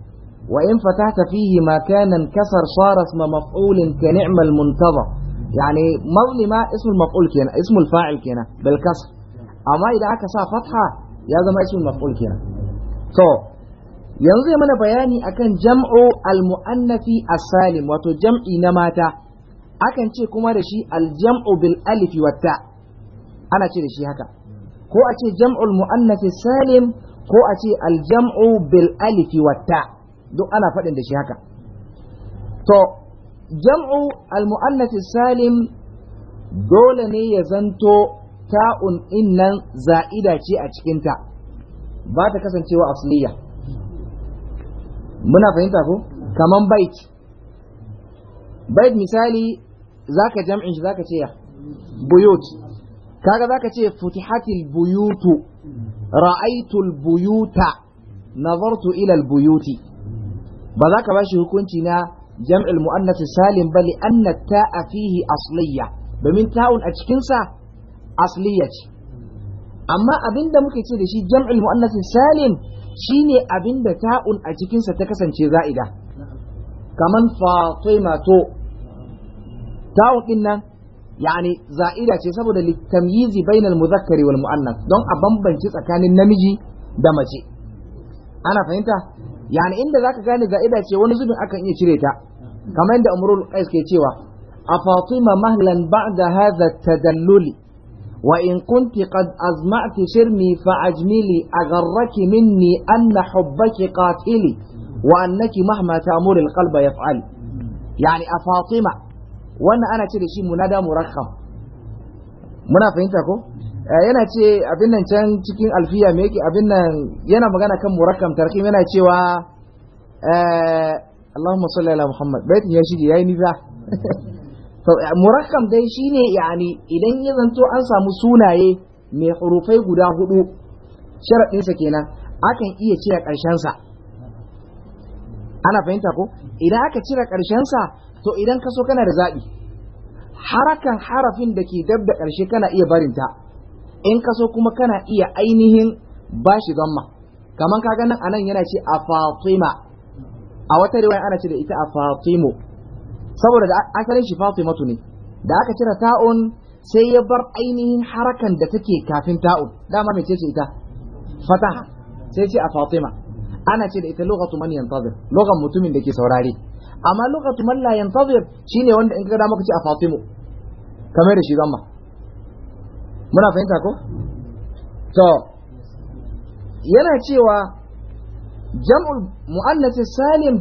وإن فتحت فيه ما كان انكسر صار اسم مفعول كنعم المنتظر يعني مظلي ما اسم المفعول كنا اسم الفاعل كنا بالكسر أما إذا أكسى فتحة هذا ما اسم المفعول كنا so, ينظر من بياني أكن جمع المؤنث السالم وتجمع نماتا أكن تشيكما شيء الجمع بالألف والتاء أنا شيء هكا هو أتي جمع المؤنث السالم هو أتي الجمع بالألف والتاء duk ana faɗin da shi haka to jam'u al-mu'annath salim dole ne ya zanto ta'un innan za'ida ce a cikinta ba ta kasancewa asliya muna fahimta ko kaman bait bait misali zaka jam'in shi zaka ce ya buyut kaga zaka ce futihatil buyutu ra'aytul buyuta nazartu ila al buyuti ba za ka bashi hukunci na jam'il mu'annas salim ba li anna ta'a fihi asliya domin ta'un a cikinsa asliya ce amma da muke ce da shi jam'il mu'annas salim shine abinda ta'un a cikinsa ta kasance za'ida kaman fatimatu ta'un din nan yani za'ida ce saboda litamyizi bainal muzakkari wal mu'annas don a bambanci tsakanin namiji da mace ana fahimta yani inda zaka gane za'ida ce wani zubin akan iya cire ta kamar yadda umrul qais ke cewa a fatima mahlan ba'da hadha tadalluli wa in kunti qad azma'ti shirmi fa ajmili agharraki minni anna hubbaki qatili wa annaki mahma ta'muri alqalba yaf'al yani a fatima wannan ana ce da shi munada murakkab muna fahimta ko Eh, yana ce abin nan can cikin alfiya me yake abin nan yana magana kan murakkam tarkim yana cewa eh, Allahumma salli ala Muhammad bai ya shige yayi nisa eh, murakkam dai shine yani idan ya zanto an samu sunaye mai hurufai guda hudu sharadin sa kenan akan iya cire karshen sa ana fahimta ko idan aka cire karshen sa to idan ka so kana da zabi harakan harafin da ke dab da karshe kana iya barinta in ka so kuma kana iya ainihin bashi zamma kaman kaga nan anan yana ce a fatima a wata riwaya ana ce da ita a fatimo saboda da asalin shi fatimatu ne da aka cire ta'un sai ya bar ainihin harakan da take kafin ta'un dama mai ce ita fataha sai ce a fatima ana ce da ita lokacin man yantazir lokacin mutumin da ke saurare amma lokacin man la yantazir shine wanda in ka da muka ce a fatimo kamar da shi zamma muna fahimta ko to yana cewa jam'ul muannath salim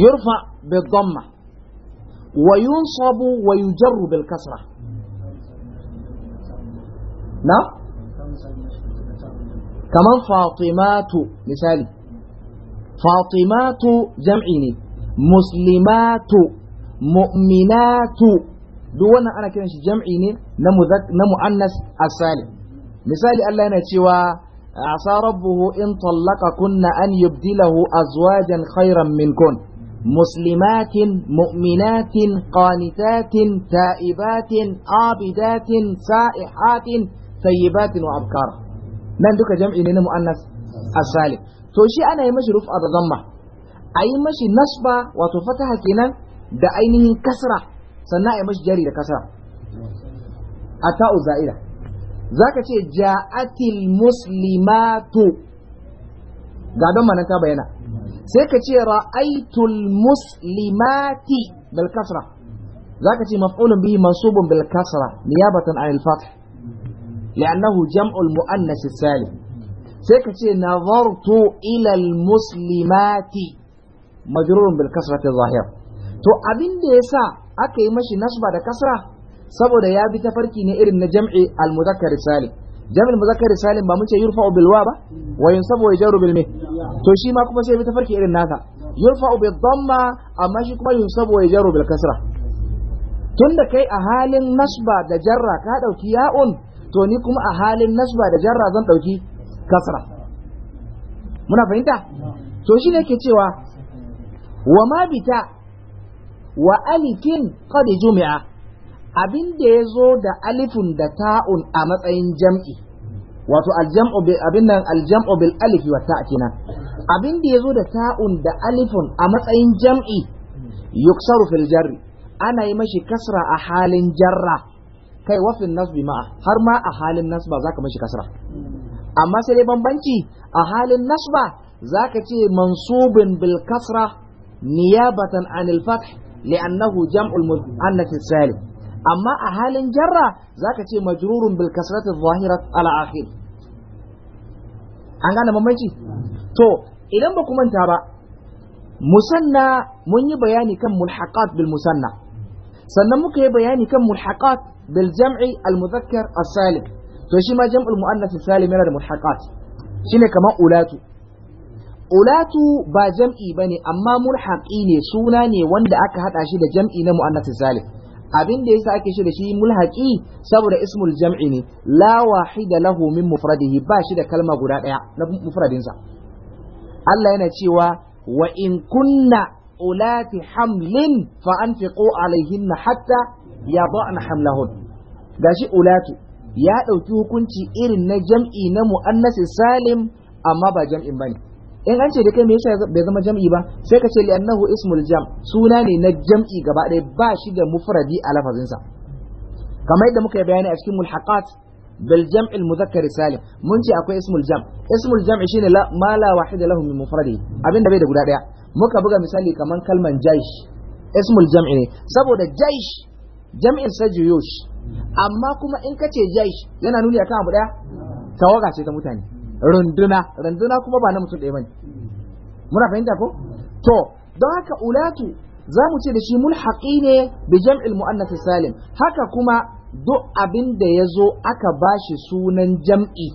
yurfa bi dhamma wa yunsabu wa yujarru bil kasra na kamar fatimatu misali fatimatu jam'i ne muslimatu mu'minatu duk wannan ana kiran shi jam'i ne na muzak na mu'annas asalim misali Allah yana cewa asa rabbuhu in tallaka kunna an yubdilahu azwajan khayran minkun muslimatin mu'minatin qanitatin ta'ibatin abidatin sa'ihatin tayyibatin wa abkar nan duka jam'i ne na mu'annas asalim to shi ana yi mashi rufa da zamma a yi mashi nasba wato fataha kenan da ainihin kasra sannan a yi mashi jari da kasa a ta'u za'ida za ka ce ja'atil muslimatu ga don manan ta bayyana sai ka ce ra'aitul muslimati bil kasra za ka ce maf'ulun bihi mansubun bil kasra niyabatan anil fath li'annahu jam'ul mu'annas salim sai ka ce nazartu ila muslimati majrurun Bilkasra ta zahir to abin da sa. aka yi mashi nasba da kasra saboda ya bi tafarki ne irin na jam'i al-muzakkar salim al muzakkar salim ba mun ce yurfa'u bil wa ba wa yunsabu wa yajru bil mih to shi ma kuma sai bi tafarki irin naka yurfa'u bil dhamma amma shi kuma yunsabu wa yajru bil kasra tunda kai a halin nasba da jarra ka dauki ya'un to ni kuma a halin nasba da jarra zan dauki kasra muna fahimta to shi ne ke cewa wa ma bita wa alikin qad jumi'a abin da ya zo da alifun da ta'un a matsayin jam'i wato aljam'u abin nan aljam'u bil alif wa ta kenan abin da yazo da ta'un da alifun a matsayin jam'i yuksaru fil jarri ana yi mashi kasra a halin jarra kai wafin nasbi ma har ma a halin nasba zaka mashi kasra amma sai dai bambanci a halin nasba zaka ce mansubin bil kasra niyabatan anil fath li'annahu jam'ul muannath salim amma a halin jarra zaka ce majrurun bil kasrati adh-dhahira akhir an gane bambanci to idan ba ku manta ba musanna mun yi bayani kan mulhaqat bil musanna sannan muka yi bayani kan mulhaqat bil jam'i al mudhakkar as salim to shi ma jam'ul muannath salim yana da mulhaqat shine kamar ulatu ulatu ba jam'i bane amma mulhaqi ne suna ne wanda aka haɗa shi da jam'i na muannas salim abin da yasa ake shi da shi mulhaqi saboda ismul jam'i ne la wahida lahu min mufradihi ba shi da kalma guda ɗaya na mufradinsa Allah yana cewa wa in kunna ulati hamlin fa anfiqu alaihinna hatta yadhana hamlahun gashi ulatu ya ɗauki hukunci irin na jam'i na muannas salim amma ba jam'in bane in an ce da kai me yasa bai zama jam'i ba sai ka ce li'annahu ismul jam suna ne na jam'i gaba ɗaya ba shi da mufradi a lafazin sa kamar yadda muka bayani a cikin mulhaqat bil jam'il mudhakkar salim mun ce akwai ismul jam ismul jam shine la ma la wahida lahu min mufradi abinda bai da guda ɗaya muka buga misali kamar kalman jaish ismul jam'i ne saboda jaish jam'in sajiyush amma kuma in ka ce jaish yana nuni akan abu ɗaya tawaga ce ta mutane runduna runduna kuma ba na mutum ɗaya bane muna fahimta ko to don haka ulatu za mu ce da shi mulhaƙi ne da jam'il muannath salim haka kuma duk abin da ya zo aka ba shi sunan jam'i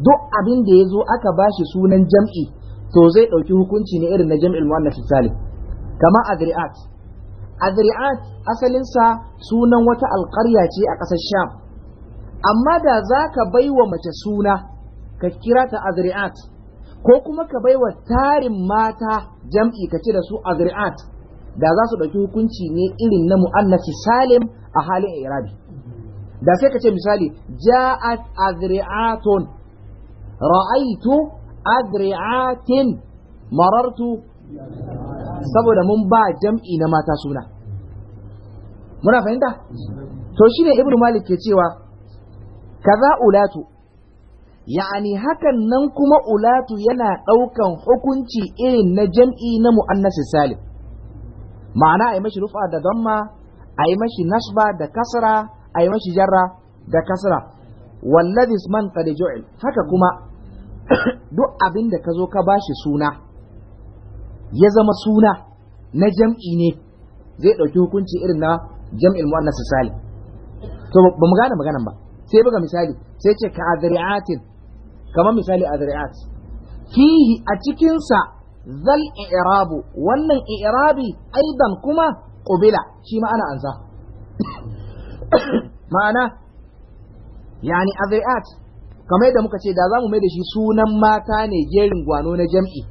duk abin da ya zo aka ba shi sunan jam'i to zai ɗauki hukunci ne irin na jam'il muannath salim kama adri'at adri'at asalinsa sunan wata alƙarya ce a ƙasar sham amma da za ka bai mace suna ka kira ta azri'at ko kuma ka baiwa tarin mata jam'i ka ce da su azri'at da za su ɗauki hukunci ne irin na mu'annasi salim a halin irabi da sai ka ce misali ja'at azri'atun ra'aitu azri'atin marartu saboda mun ba jam'i na mata suna muna fahimta to shine ibnu malik ke cewa kaza ulatu Yani hakan nan kuma ulatu yana ɗaukan hukunci irin na jam'i na mu'annasi salim ma'ana a yi mashi rufa da damma a yi mashi nasba da kasra a yi mashi jarra da kasra wallazi man qad ju'il haka kuma duk abin da ka zo ka bashi suna ya zama suna na jam'i ne zai ɗauki hukunci irin na jam'il mu'annas salim to ba mu gane maganan ba sai buga misali sai ce ka adri'atin kamar misali zari'at fihi a cikinsa zal i'rabu wannan i'rabi aidan kuma qubila shi ma ana ansa ma'ana yani azri'at kamar yadda muka ce da zamu mai da shi sunan mata ne jerin gwano na jam'i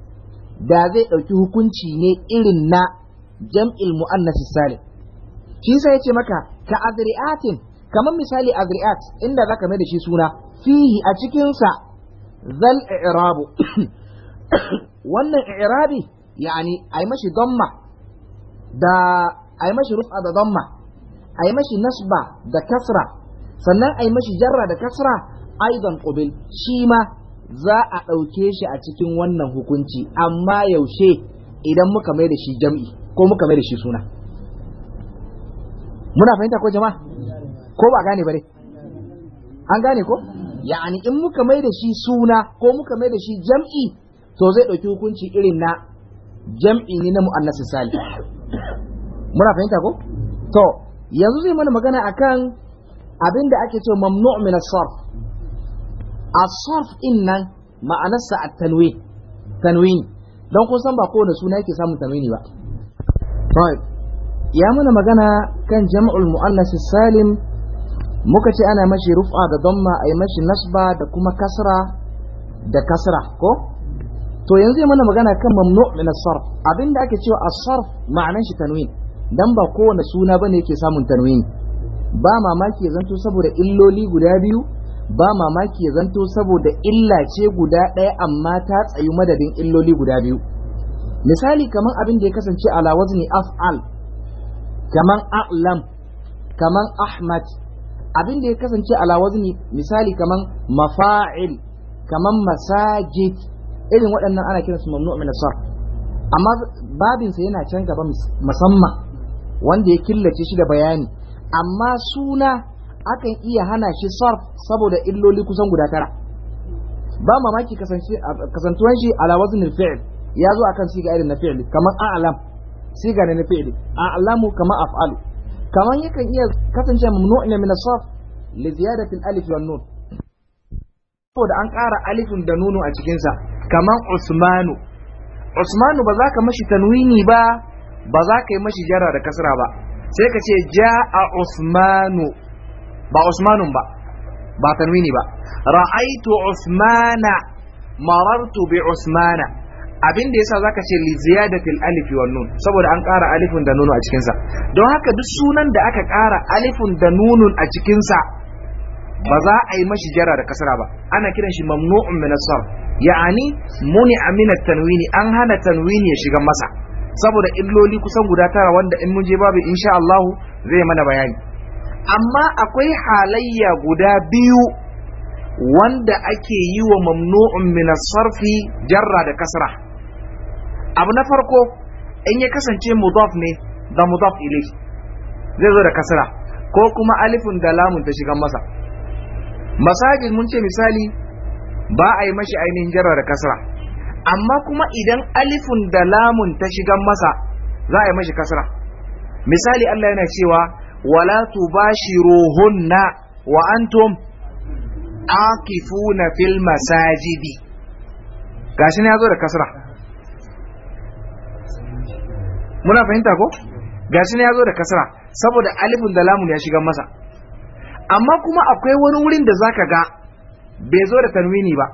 da zai ɗauki hukunci ne irin na jam'il mu'annasi salim shi sai yace maka ka azri'atin kamar misali azri'at inda zaka mai da shi suna fihi a cikinsa zal i'rabu wannan i'rabi yani ai mashi damma da ai mashi rufa da damma ai mashi nasba da kasra sannan ai mashi jarra da kasra aidan qubil shi ma za a ɗauke shi a cikin wannan hukunci amma yaushe idan muka mai da shi jam'i ko muka mai da shi suna muna fahimta ko jama'a ko ba gane ba dai an gane ko yani in muka mai da shi suna ko muka mai da shi jam'i to zai ɗauki hukunci irin na jam'i ne na mu'annasin salih muna fahimta ko to yanzu zai mana magana akan abin da ake cewa mamnu' min as-sarf as-sarf din nan ma'anarsa at-tanwin tanwin don kun san ba kowane suna yake samun tanwini ba ya mana magana kan jam'ul mu'annas salim muka ce ana mashi rufa da damma a yi mashi nasba da kuma kasra da kasra ko to yanzu yi mana magana kan mamnu min sarf abinda ake cewa as-sarf ma'anan shi tanwin dan ba kowane suna bane yake samun tanwin ba mamaki ya zanto saboda illoli guda biyu ba mamaki ya zanto saboda illa ce guda ɗaya amma ta tsayu madadin illoli guda biyu misali kaman abin da ya kasance ala wazni af'al kaman a'lam kaman ahmad abin da ya kasance ala misali kaman mafa'il kaman masajid irin waɗannan ana kiransu mamnu min asar amma babinsa yana can gaba musamman wanda ya killace shi da bayani amma suna akan iya hana shi sarf saboda illoli kusan guda tara ba mamaki kasantuwan shi ala wazni fi'l ya zo akan siga irin na fi'li kaman a'lam siga ne na fi'li a'lamu kama af'alu kamar yakan iya kasance mamnu'un ne min as-saf li alif nun saboda an ƙara alifin da nunu a cikinsa. sa kamar usmanu usmanu ba za ka mashi tanwini ba ba za ka yi mashi jara da kasra ba sai ka ce a usmanu ba usmanun ba ba tanwini ba ra'aitu usmana marartu bi usmana abin da yasa zaka ce li ziyadatil alif wan nun saboda an ƙara alifun da nunun a cikin sa don haka duk sunan da aka ƙara alifin da nunun a cikin sa ba za a yi mashi jarra da kasara ba ana kiran shi mamnu'un min as-sarf ya'ani muni amina tanwini an hana tanwini ya shiga masa saboda illoli kusan guda tara wanda in mun je babu insha Allah zai mana bayani amma akwai halayya guda biyu wanda ake yi wa mamnu'un min as-sarfi jarra da kasra abu na farko in ya kasance mudaf ne da mudaf ilai zai zo da kasra ko kuma alifin da lamun ta shiga masa masajid mun ce misali ba a yi mashi ainihin jarra da kasra amma kuma idan alifin da lamun ta shiga masa za a yi mashi kasra misali Allah yana cewa wala tubashiruhunna wa antum aqifuna fil masajidi gashi ne ya zo da kasra muna fahimta ko gashi ne ya zo da kasara saboda alifin da lamun ya shiga masa amma kuma akwai wani wurin da zaka ga bai zo da tanwini ba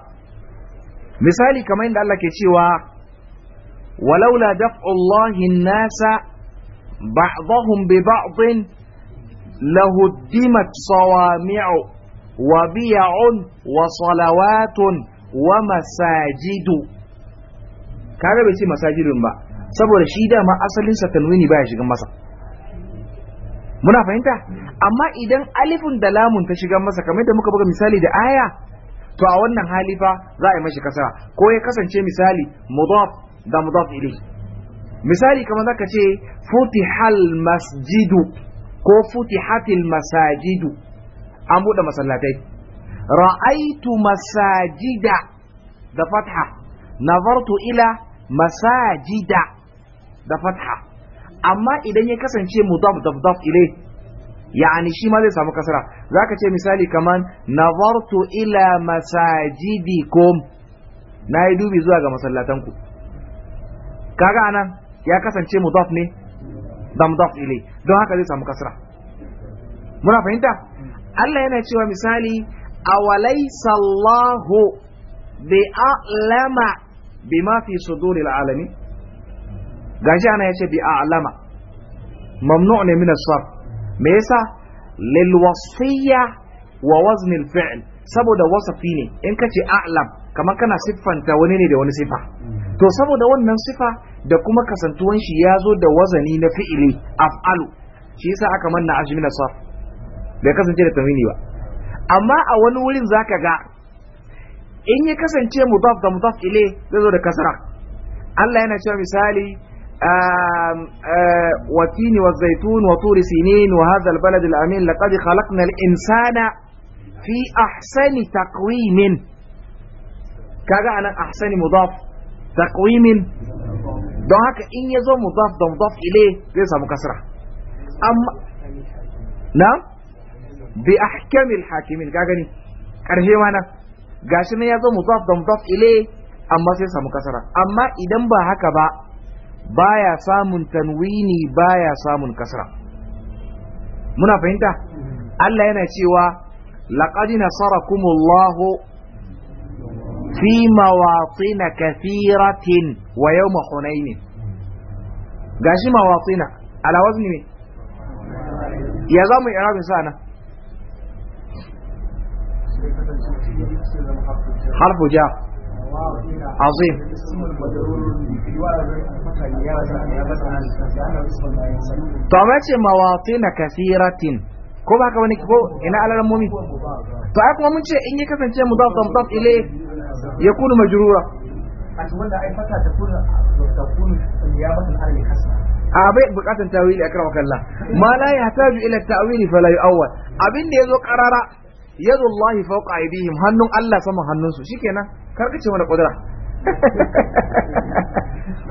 misali kamar inda Allah ke cewa walaula daf'ullahi nasa ba'dhum bi ba'dhin lahuddimat sawami'u wa biya'un wa salawatun wa masajidu kaga bai ce masajidun ba saboda shi dama asalinsa tanwini baya shigan masa muna fahimta amma idan alifin da lamun ta shiga masa kamar da muka buga misali da aya to a wannan hali fa za a yi mashi kasara ko ya kasance misali mudaf da mudaf ilayhi misali kamar zaka ce futihal masjidu ko futihatil masajidu an buɗe masallatai ra'aitu masajida da fatha nazartu ila masajida da fatha amma idan ya kasance mudaf dafdaf ile yani shi ma zai samu kasara zaka ce misali kaman nazartu ila masajidikum na yi dubi zuwa ga masallatanku kaga anan ya kasance mudaf ne da mudaf ile don haka zai samu kasara muna fahimta Allah yana cewa misali awalaysa Allahu bi a'lama bima fi suduril alamin gashi ana yace bi a'lama mamnu' ne min aswab me yasa lil wasiyya wa wazn al fi'l saboda wasafi ne in kace a'lam kamar kana siffanta wani ne da wani sifa to saboda wannan sifa da kuma kasantuwan shi ya zo da wazani na fi'ili af'alu shi yasa aka manna ashi min bai kasance da tamini ba amma a wani wurin zaka ga in ya kasance mudaf da mudaf ilay zai zo da kasara Allah yana cewa misali والتين والزيتون وطور سينين وهذا البلد الأمين لقد خلقنا الإنسان في أحسن تقويم كذا أنا أحسن مضاف تقويم don haka in ya zo mudaf da mudaf ile zai samu kasra amma na bi ahkamil hakimin ka gani karshe mana gashi ne ya zo mudaf da mudaf ile amma sai samu kasra amma idan ba haka ba baya samun tanwini baya samun kasra muna fahimta Allah yana cewa laqad nasarakumullahu fi mawatin kathiratin wa yawm hunain gashi mawatin ala wazni ne ya zamu irabin sana harfu ja عظيم to amma ce mawatina kasiratin ko ba ka wani ko ina alal mumi to ai kuma mun ce in yi kasance mudaf mudaf ile ya kunu majrura a cikin da ta kuna ta a bai bukatan tawili a karwa kalla ma la yahtaju ila tawili fala yu'awwal abin da yazo karara yadullahi fawqa aydihim hannun Allah sama hannunsu shikenan kar ka ce mana kudura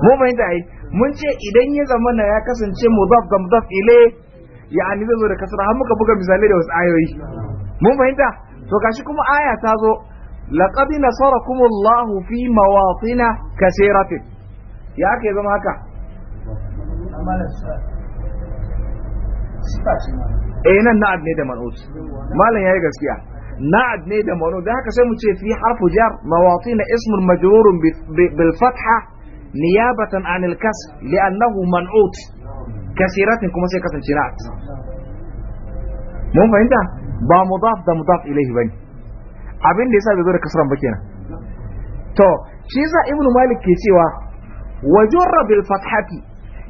mu mai da ai mun ce idan ya zama na ya kasance mudaf ga mudaf ile ani zai zo da kasra har muka buga misalai da wasu ayoyi mun fahimta to gashi kuma aya ta zo laqad nasarakumullahu fi mawatina kaseeratin ya aka zama haka eh nan na'ad ne da man'ut malam yayi gaskiya na'ad ne da mawlud da haka sai mu ce fi harfu jar mawatin ismun majrurun bil fatha niyabatan anil kas li'annahu man'ut kasiratin kuma sai kasance na'ad. mun fahimta ba mudaf da mudaf ilayhi bane abin da yasa bai zo da kasran ba kenan to shi yasa ibnu malik ke cewa wa jarra bil fathati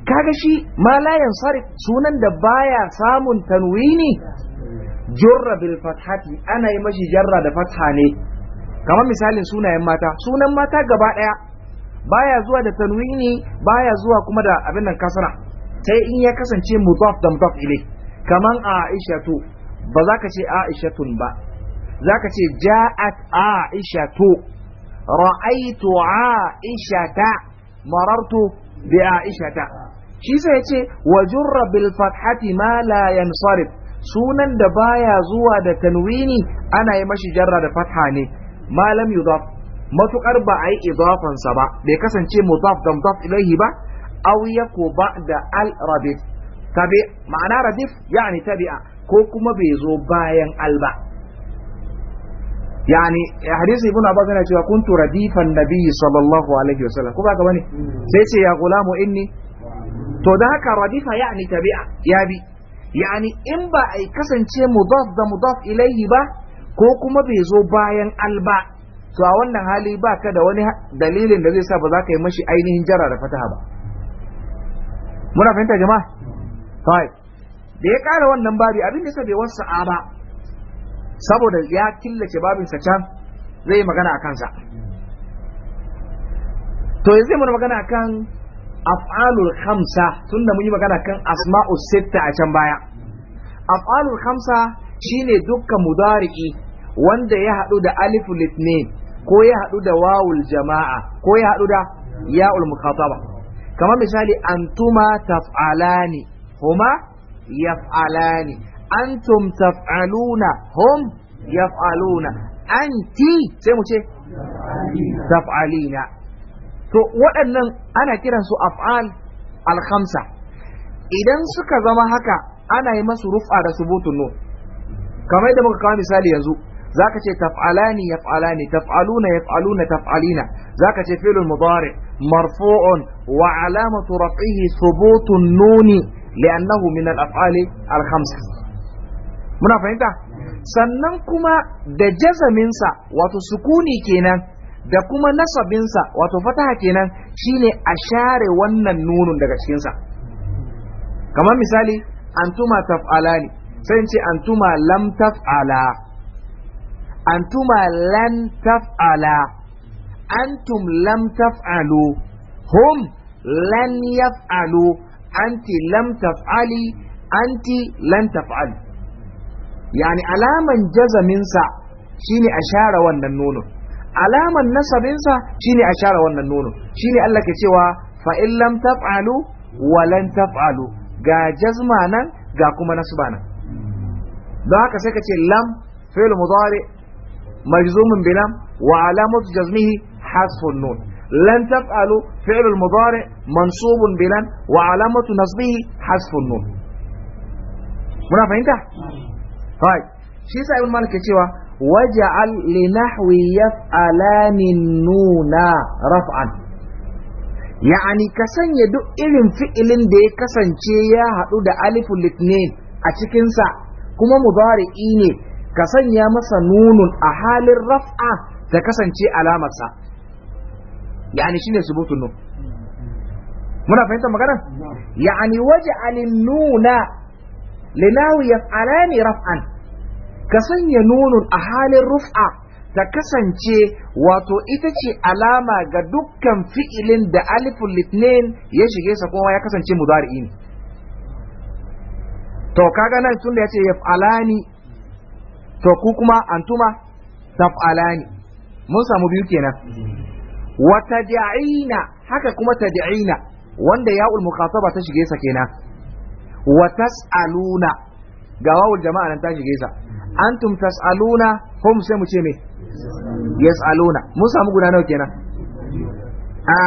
kaga shi ma la yansarif sunan da baya samun tanwini jurra bil fathati ana yi mashi jarra da fatha ne kamar misalin sunayen mata sunan mata gaba daya baya zuwa da tanwini baya zuwa kuma da abin nan kasra sai in ya kasance mudaf da mudaf ilai kaman aishatu ba za ka ce aishatun ba za ka ce ja'at aishatu ra'aitu aishata marartu bi aishata shi sai ya ce wa jurra bil fathati ma la yansarif sunan da baya zuwa da tanwini ana yi mashi jarra da fatha ne malam yudaf matukar ba a yi idafansa ba bai kasance mudaf da mudaf ilaihi ba aw yako ba da al radif tabi ma'ana radif yani tabi'a ko kuma bai zo bayan al ba yani eh, hadisi ibn abbas yana cewa kuntu radifan nabiyyi sallallahu alaihi wasallam ko ba ka bane hmm. sai ce ya gulamu inni to da haka radifa yani tabi'a ya bi yani in ba a kasance mudaf da mudaf ilaihi ba ko kuma bai zo bayan alba ba to a wannan hali ba ka da wani dalilin da zai sa ba za ka yi mashi ainihin jara da fataha ba muna fahimta jama'a fai da ya kara wannan babi abin da bai wasa a ba saboda ya killace babinsa can zai magana a kansa to yanzu zai magana akan af'alul khamsa tunda mun yi magana kan asma'u sitta a can baya af'alul khamsa shine dukkan mudari'i wanda ya haɗu da alif litnin ko ya haɗu da wawul jama'a ko ya haɗu da ya'ul mukhataba kamar misali antuma taf'alani huma yaf'alani antum taf'aluna hum yaf'aluna anti sai mu ce taf'alina to waɗannan ana kiransu af'al al-khamsa idan suka zama haka ana yi masu rufa da subutun nun kamar da muka kawo misali yanzu zaka ce taf'alani yaf'alani taf'aluna yaf'aluna taf'alina zaka ce fi'lun mudari marfu'un wa alamatu raf'ihi thubutun nuni li'annahu min al-af'ali al-khamsa muna fahimta sannan kuma da jazaminsa wato sukuni kenan da kuma nasabinsa wato fataha kenan shine a share wannan nunun daga cikinsa kamar misali antuma taf'alani sai ce antuma lam taf'ala antuma lan taf'ala antum lam taf'alu hum lan yaf'alu anti lam taf'ali anti lan taf'ali yani alaman jazaminsa shine a share wannan nunun alaman nasabinsa shine a share wannan nono shine Allah ke cewa fa in lam taf'alu wa lan taf'alu ga jazma nan ga kuma nasba nan don haka sai ka ce lam fi'l mudari majzumun bi lam wa alamatu jazmihi hasfun nun lan taf'alu fi'l mudari mansubun bi lam wa alamatu nasbihi hasfun nun muna fahimta right shi yasa ibn malik ke cewa waj'al li nahwi yaf'alan nuna raf'an yani ka sanya duk irin fi'ilin da ya kasance ya haɗu da aliful litnin a cikinsa kuma mudari'i ne ka sanya masa nunun a halin raf'a ta kasance alamarsa yani shine subutun nun muna fahimtar magana yani waje alin nuna linahu yaf'alani raf'an ka sanya nunun a halin rufa ta kasance wato ita ce alama ga dukkan fi'ilin da alifun litinin ya shige sa kuma ya kasance mudari'i ne to kaga nan tunda ya ce yaf'alani to ku kuma antuma taf'alani mun samu biyu kenan wa tad'ina haka kuma tad'ina wanda ya'ul mukhataba ta shige sa kenan wa tas'aluna ga wawul jama'a nan ta shige sa antum tas'aluna hum sai mu ce me yas'aluna mun samu guda nawa kenan a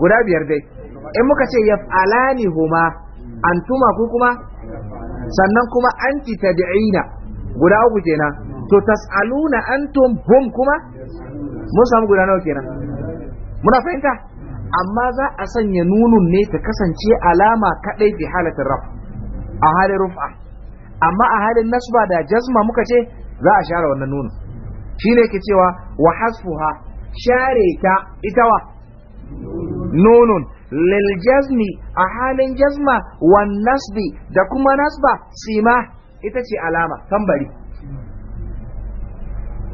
guda biyar dai in muka ce yaf'alani huma antuma ku kuma sannan kuma anti tad'ina guda uku kenan to tas'aluna antum hum kuma mun samu guda nawa kenan muna fahimta amma za a sanya nunun ne ta kasance alama kadai fi halatin raf a halin rufa amma a halin nasba da jazma muka ce za a share wannan nunu Shi ne ke cewa wa hasfuha share ta ita wa? nunun lil jazmi a halin jazma wa nasbi da kuma nasba sima ita ce alama tambari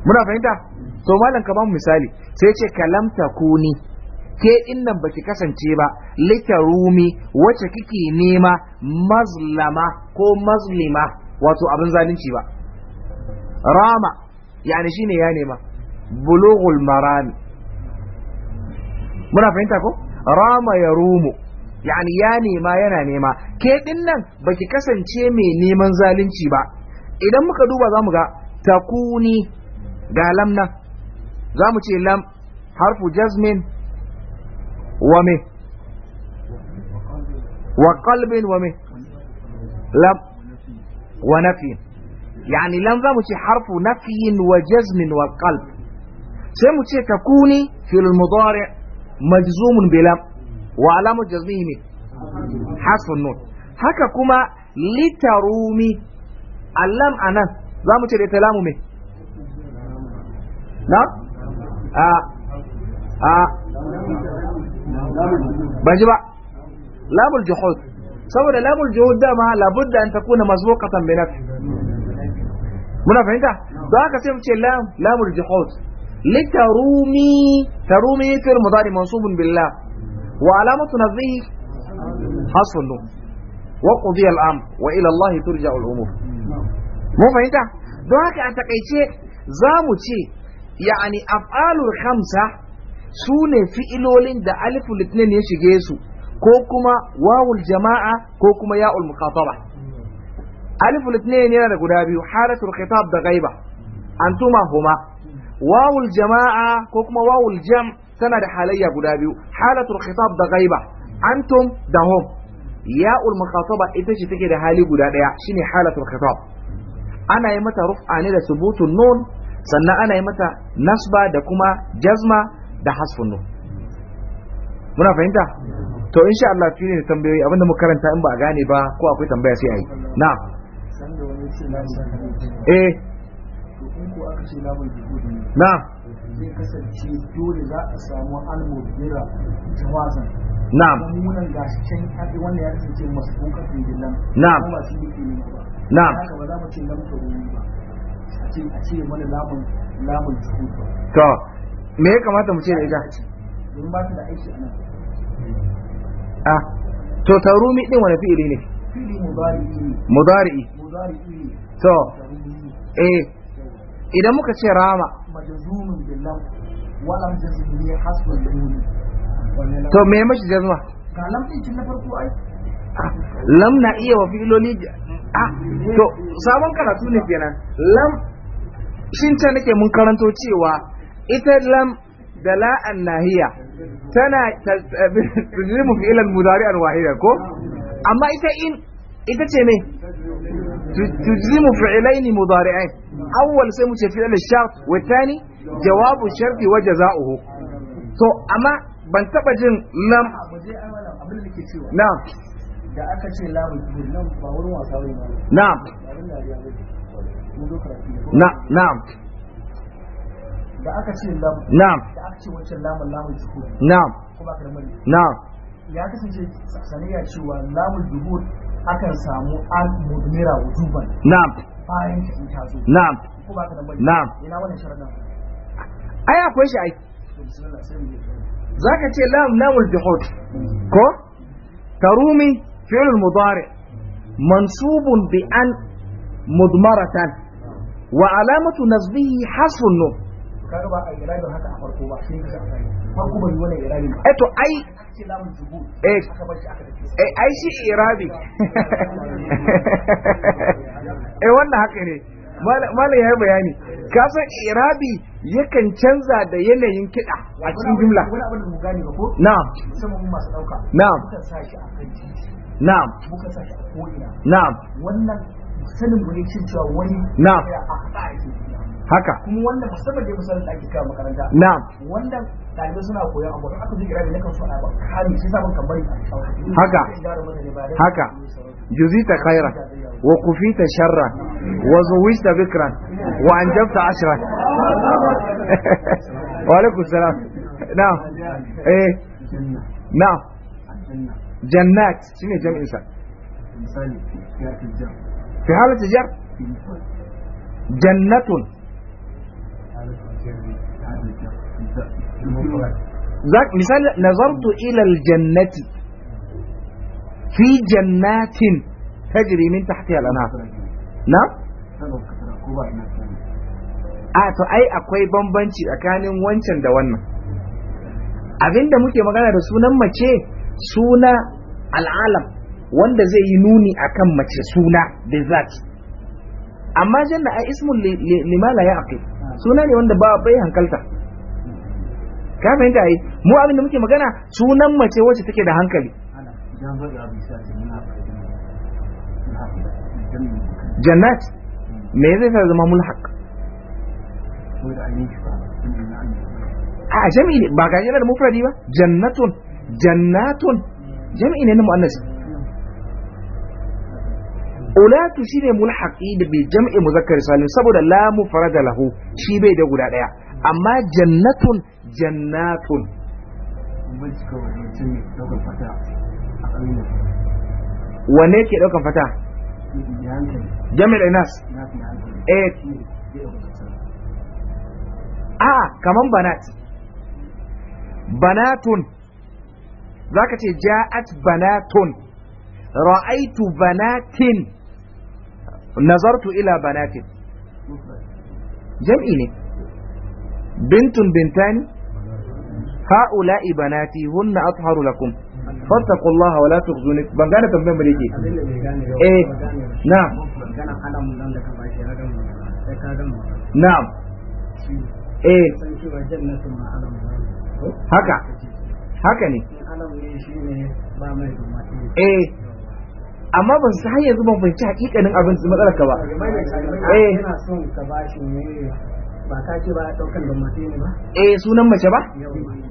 muna fahimta to malam ka ba mu misali sai ce kalam takuni ke ba baki kasance ba lita rumi wacce kike nema mazlama ko mazlima wato abin zalunci ba rama yani shine ya nema bulughul marami muna fahimta ko rama ya rumu yani ya nema yana nema ke ba baki kasance mai neman zalunci ba idan muka duba zamu ga takuni ga lamna zamu ce lam harfu jazmin ومه وقلب ومه لم ونفي يعني لم ذا مشي حرف نفي وجزم والقلب سيمشي تكوني في المضارع مجزوم بلم وعلام جزمه حذف النون هكا كما لترومي اللام انا ذا مشي لتلام مه نعم آه آه ba ji ba labul juhud saboda labul juhud dama labudda an takuna mazbuqatan bi nafs muna fahimta Don haka sai mu ce lam lamul juhud litarumi tarumi fil mudari mansubun billah wa alamatu nadhihi haslu wa qudiya al am, wa ila Allah turja al-umur mu fahimta don haka a takaice za mu ce ya'ani af'alul khamsa su ne fi'ilolin da aliful litinin ya shige su ko kuma wawul jama'a ko kuma ya'ul muqataba aliful litinin yana da guda biyu haratul khitab da ghaiba antuma huma wawul jama'a ko kuma wawul jam tana da halayya guda biyu halatul khitab da ghaiba antum da hum ya'ul muqataba ita ce take da hali guda daya shine halatul khitab ana yi mata ruf'a ne da subutun nun sannan ana yi mata nasba da kuma jazma da hasfun muna fahimta to insha Allah fi ne tambayoyi abinda muka karanta in ba a gane ba ko akwai tambaya sai a yi na eh na me ya kamata mu ce da ita a ah, to tarumi din wani fi'ili ne mudari'i to eh idan muka ce rama to me mashi jazma ah, lam na iya wa fi'iloli a ah, to sabon karatu ne kenan lam shin ta nake mun karanto cewa ita lam da la'an nahiya tana tajrimu fi'lan an wahida ko amma ita in ita ce me تجزم فعلين مضارعين اول sai mu ce fi'l ash-shart wa thani jawab ash-shart wa jazaohu to amma ban taba jin lam na'am da aka ce lam nan ba wurin wasa bane na'am na'am da aka ce na'am da aka ce wancan lamun lamun juhud na'am kuma aka na'am ya kasance saniya cewa lamun juhud akan samu al mudmira wujuban na'am bayan ta in tazo na'am kuma aka na'am ina wannan sharadin ai akwai shi ai zaka ce lam lamul juhud ko tarumi fi'l mudari منصوب بأن مضمرة وعلامة نصبه حصر النون kaga ba a irabin haka a farko ba sai sai farko bai wani irabin ba eh eh ai shi irabi eh wannan haka ne malam ya yi bayani ka irabi yakan canza da yanayin kiɗa a cikin jumla na'am na'am na'am na'am wannan sanin mu ne cewa wani na'am haka kuma wannan musamman dai misalin da ake kawo makaranta na'am wanda dalibai suna koyon abu da aka zikira ne kan su ana ba kami sai sabon kan bari haka haka juzita khaira wa kufita sharra wa zuwista bikran wa anjabta ashra wa alaikum salam na'am eh na'am jannat shine jami'in sa misali ya tijar fi halati jar jannatun misali nazartu ilal jannati, fi jannatin tajri min tahtiha al-anhar na a to ai akwai bambanci tsakanin wancan da wannan abinda muke magana da sunan mace suna al'alam wanda zai yi nuni akan mace suna da zati amma janna a ismun limala ya aqil suna ne wanda ba bai hankalta ka fahimta ai mu abin da muke magana sunan mace wacce take da hankali jannat me zai sa zama mulhaq a jami'i ba ga yana da mufradi ba jannatun jannatun jami'i ne na mu'annas ulatu shine mulhaqi da bi jam'i muzakkar salim saboda la da lahu shi bai da guda daya amma jannatun jannatun wane ke daukan fata da inas eh a kaman banat banatun zaka ce ja'at banatun ra'aitu banatin nazartu ila banatin jam'i ne bintun bintani Ha'ula banati hunna atharu lakum fattaqullaha wa la tukhzuni ban gane tambayar mu dake eh na'am na'am eh haka haka ne eh amma ban su yanzu ban fahimci hakikanin abin su matsalar ka ba eh ba ka ce ba daukan mace ne ba eh sunan mace ba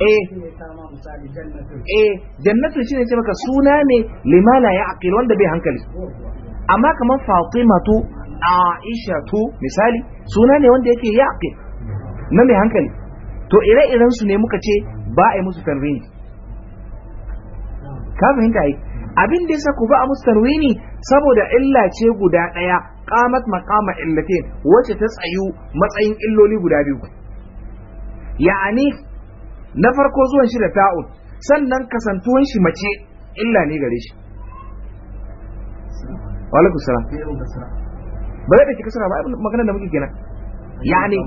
eh eh jannatu ne ce maka suna ne limala ya aqil wanda bai hankali amma kamar fatimatu aishatu misali suna ne wanda yake ya aqil na mai hankali to ire-iren su ne muka ce ba a yi musu tanrini ka fahimta yi abin da yasa ku ba a musu tarwini saboda illa ce guda ɗaya qamat maqama illatin wacce ta tsayu matsayin illoli guda biyu ya'ani na farko zuwan shi da ta'un sannan kasantuwan shi mace illa ne gare shi wa alaikum salam ba zai ɗauki kasara ba maganar da muke kenan ya'ani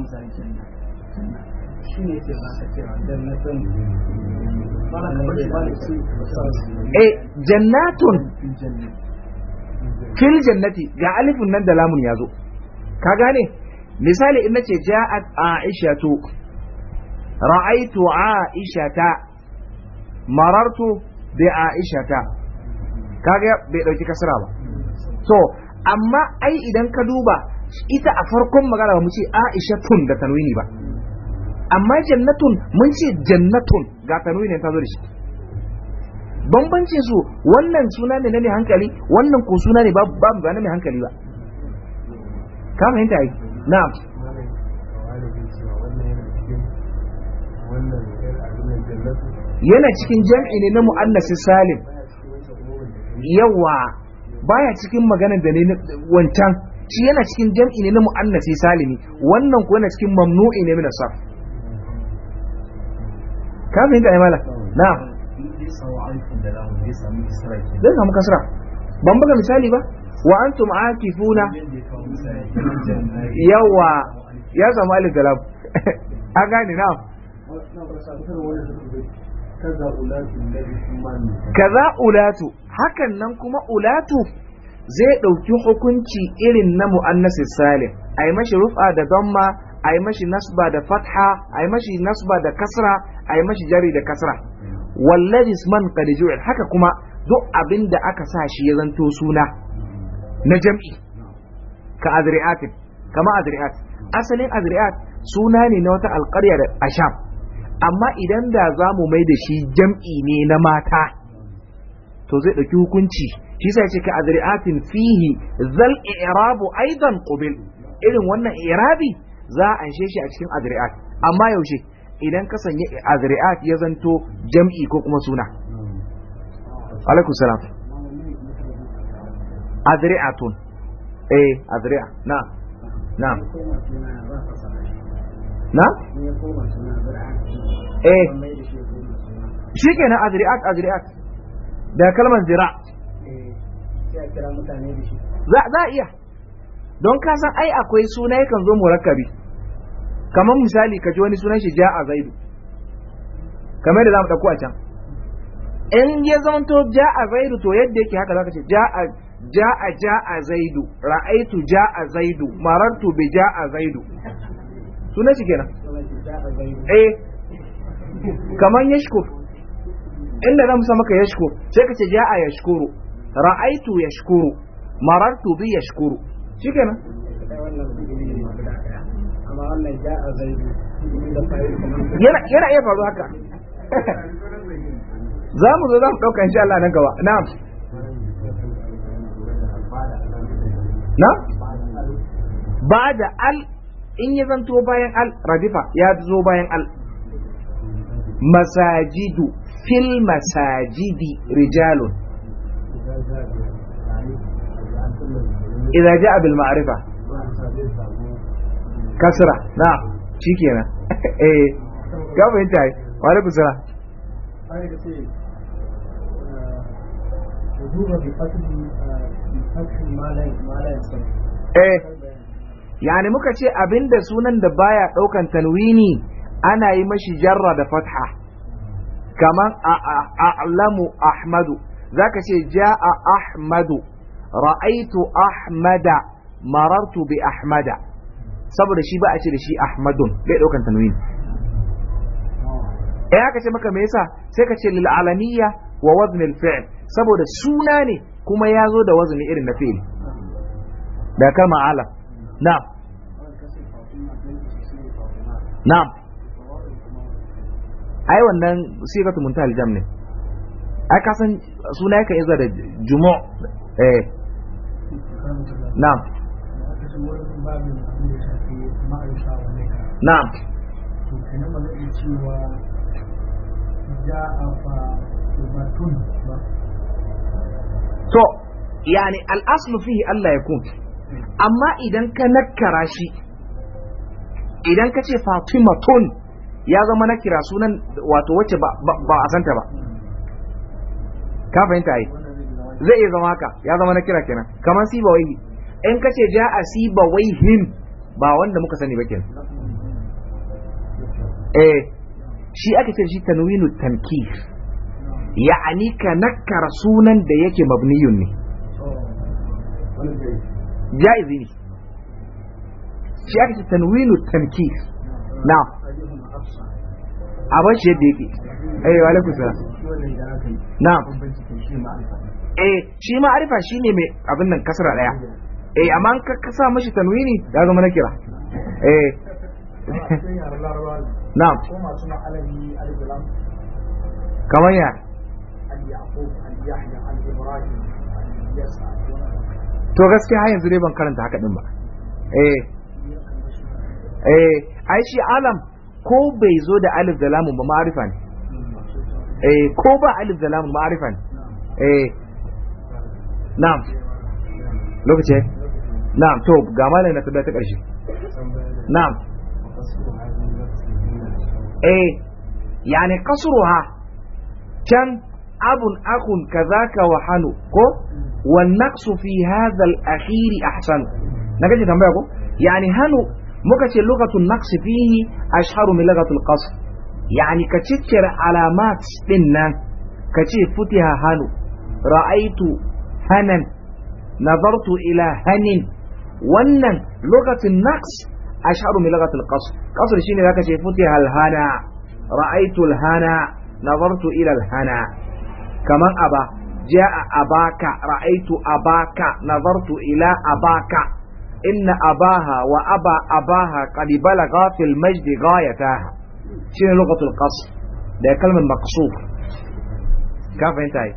shine ba ka dan na san E, jannatun fil jannati ga alifin nan da lamun ya zo ka gane misali in nace ja'at aishatu ra'aitu aishata marartu bi aishata kaga bai dauki kasra ba To amma ai idan ka duba ita a farkon magana ba mu ce aishatun da tanwini ba amma jannatun mun ce jannatun ga tanwini ta zo da shi bambancin su wannan suna ne na mai hankali wannan ko suna ne babu ba na mai hankali ba ka fahimta yi na yana cikin jam'i ne na mu'annasi salim yawa baya cikin maganar da ne wancan shi yana cikin jam'i ne na mu'annasi salimi wannan ko yana cikin mamnu'i ne min asaf ka fahimta imala na zai samu kasra ban buga misali ba wa antum akifuna yawa ya samu alif da lam a gane na kaza ulatu hakan nan kuma ulatu zai ɗauki hukunci irin na mu'annasis salim a yi mashi rufa da zamma a yi mashi nasba da fatha a yi mashi nasba da kasra a yi mashi jari da kasra wallahi man qad haka kuma duk abin da aka sa shi ya zanto suna na jam'i ka azri'atin kama azri'at asalin azri'at suna ne na wata alƙarya da asham amma idan da za mu mai da shi jam'i ne na mata to zai ɗauki hukunci shi sai ce ka azri'atin fihi zal i'rabu aidan qubil irin wannan i'rabi za a anshe shi a cikin azri'at amma yaushe idan ka sanya azri'at ya zanto jam'i ko kuma suna alaikum salam azri'atun eh azri'a na na na eh shikenan azri'at azri'at da kalmar zira' eh, za a iya don ka san ai akwai suna yakan zo murakkabi kamar misali ka ji wani sunan shi ja'a zaidu kamar da zamu dauko a can in ya zama ja ja'a zaidu to yadda yake haka zaka ce ja'a ja'a ja'a zaidu ra'aitu ja'a zaidu marartu bi ja'a zaidu sunan shi kenan eh kamar yashko, inda zamu sa maka yashko, sai ka ce ja'a yashkuru ra'aitu yashkuru marartu bi yashkuru shi kenan yana iya faru haka za mu zo za mu ɗauka insha Allah na gaba na na ba da al in ya zanto bayan al radifa ya zo bayan al masajidu fil masajidi rijalun idza ja'a bil ma'rifa kasra na ka fahimta wa alaikum salam yani muka ce abinda sunan da baya ɗaukan tanwini ana yi mashi jarra da fatha kaman a'lamu ahmadu zaka ce a ahmadu ra'aitu ahmada marartu bi ahmada saboda shi ba a ce da shi ahmadun bai daukan tanwin eh aka ce maka me yasa sai ka ce lil alamiyya wa wazn al fi'l saboda suna ne kuma ya zo da wazni irin na fi'l da kama alam na'am na'am ai wannan siratu muntahal jam ne ai ka san suna yakan iza da jumu' eh na'am na'am to kenan ba zai cewa yani al'aslu fihi Allah ya kun amma idan ka nakkara shi idan ka ce fatimatun ya zama na kira sunan wato wacce ba a santa ba ka fahimta yi zai iya zama haka ya zama na kira kenan kamar siba wai in kace ja'a siba him ba wanda muka sani ba kenan eh shi ake ce shi tanwinu tankif ya'ani ka nakkara sunan da yake mabniyun ne jaizi ne shi ake ce tanwinu tankif na a bar shi yadda yake ayyawa eh, wa alaikum na eh shi ma arifa shine mai abin nan kasra daya eh amma ka kasa mashi tanwini ya zama na kira eh na'am kamar ya to gaskiya har yanzu dai ban karanta haka din ba eh eh ai shi alam ko bai zo da alif da lamun ba ma'arifa ne eh ko ba alif da lamun ma'arifa ne eh نعم لوكي نعم توب جمالي انك بدات تقرا نعم ايه يعني قصرها كان اب اخ كذاك وحنو كو والنقص في هذا الاخير احسن نجي تنبهكم يعني هنو ممكن لغه النقص فيه اشهر من لغه القصر يعني كتشكر علامات سننا كتشي فتها هنو رايت هنا نظرت إلى هن wannan lokacin naqs asharu min lugatil qasr qasr shine zaka ce futiha al hana ra'aytu al hana nazartu ila al hana kaman aba jaa abaka ra'aytu abaka nazartu ila abaka inna abaha wa aba abaha qad balagha fil majd ghayataha shine lugatul qasr da kalmar maqsur ka fahimta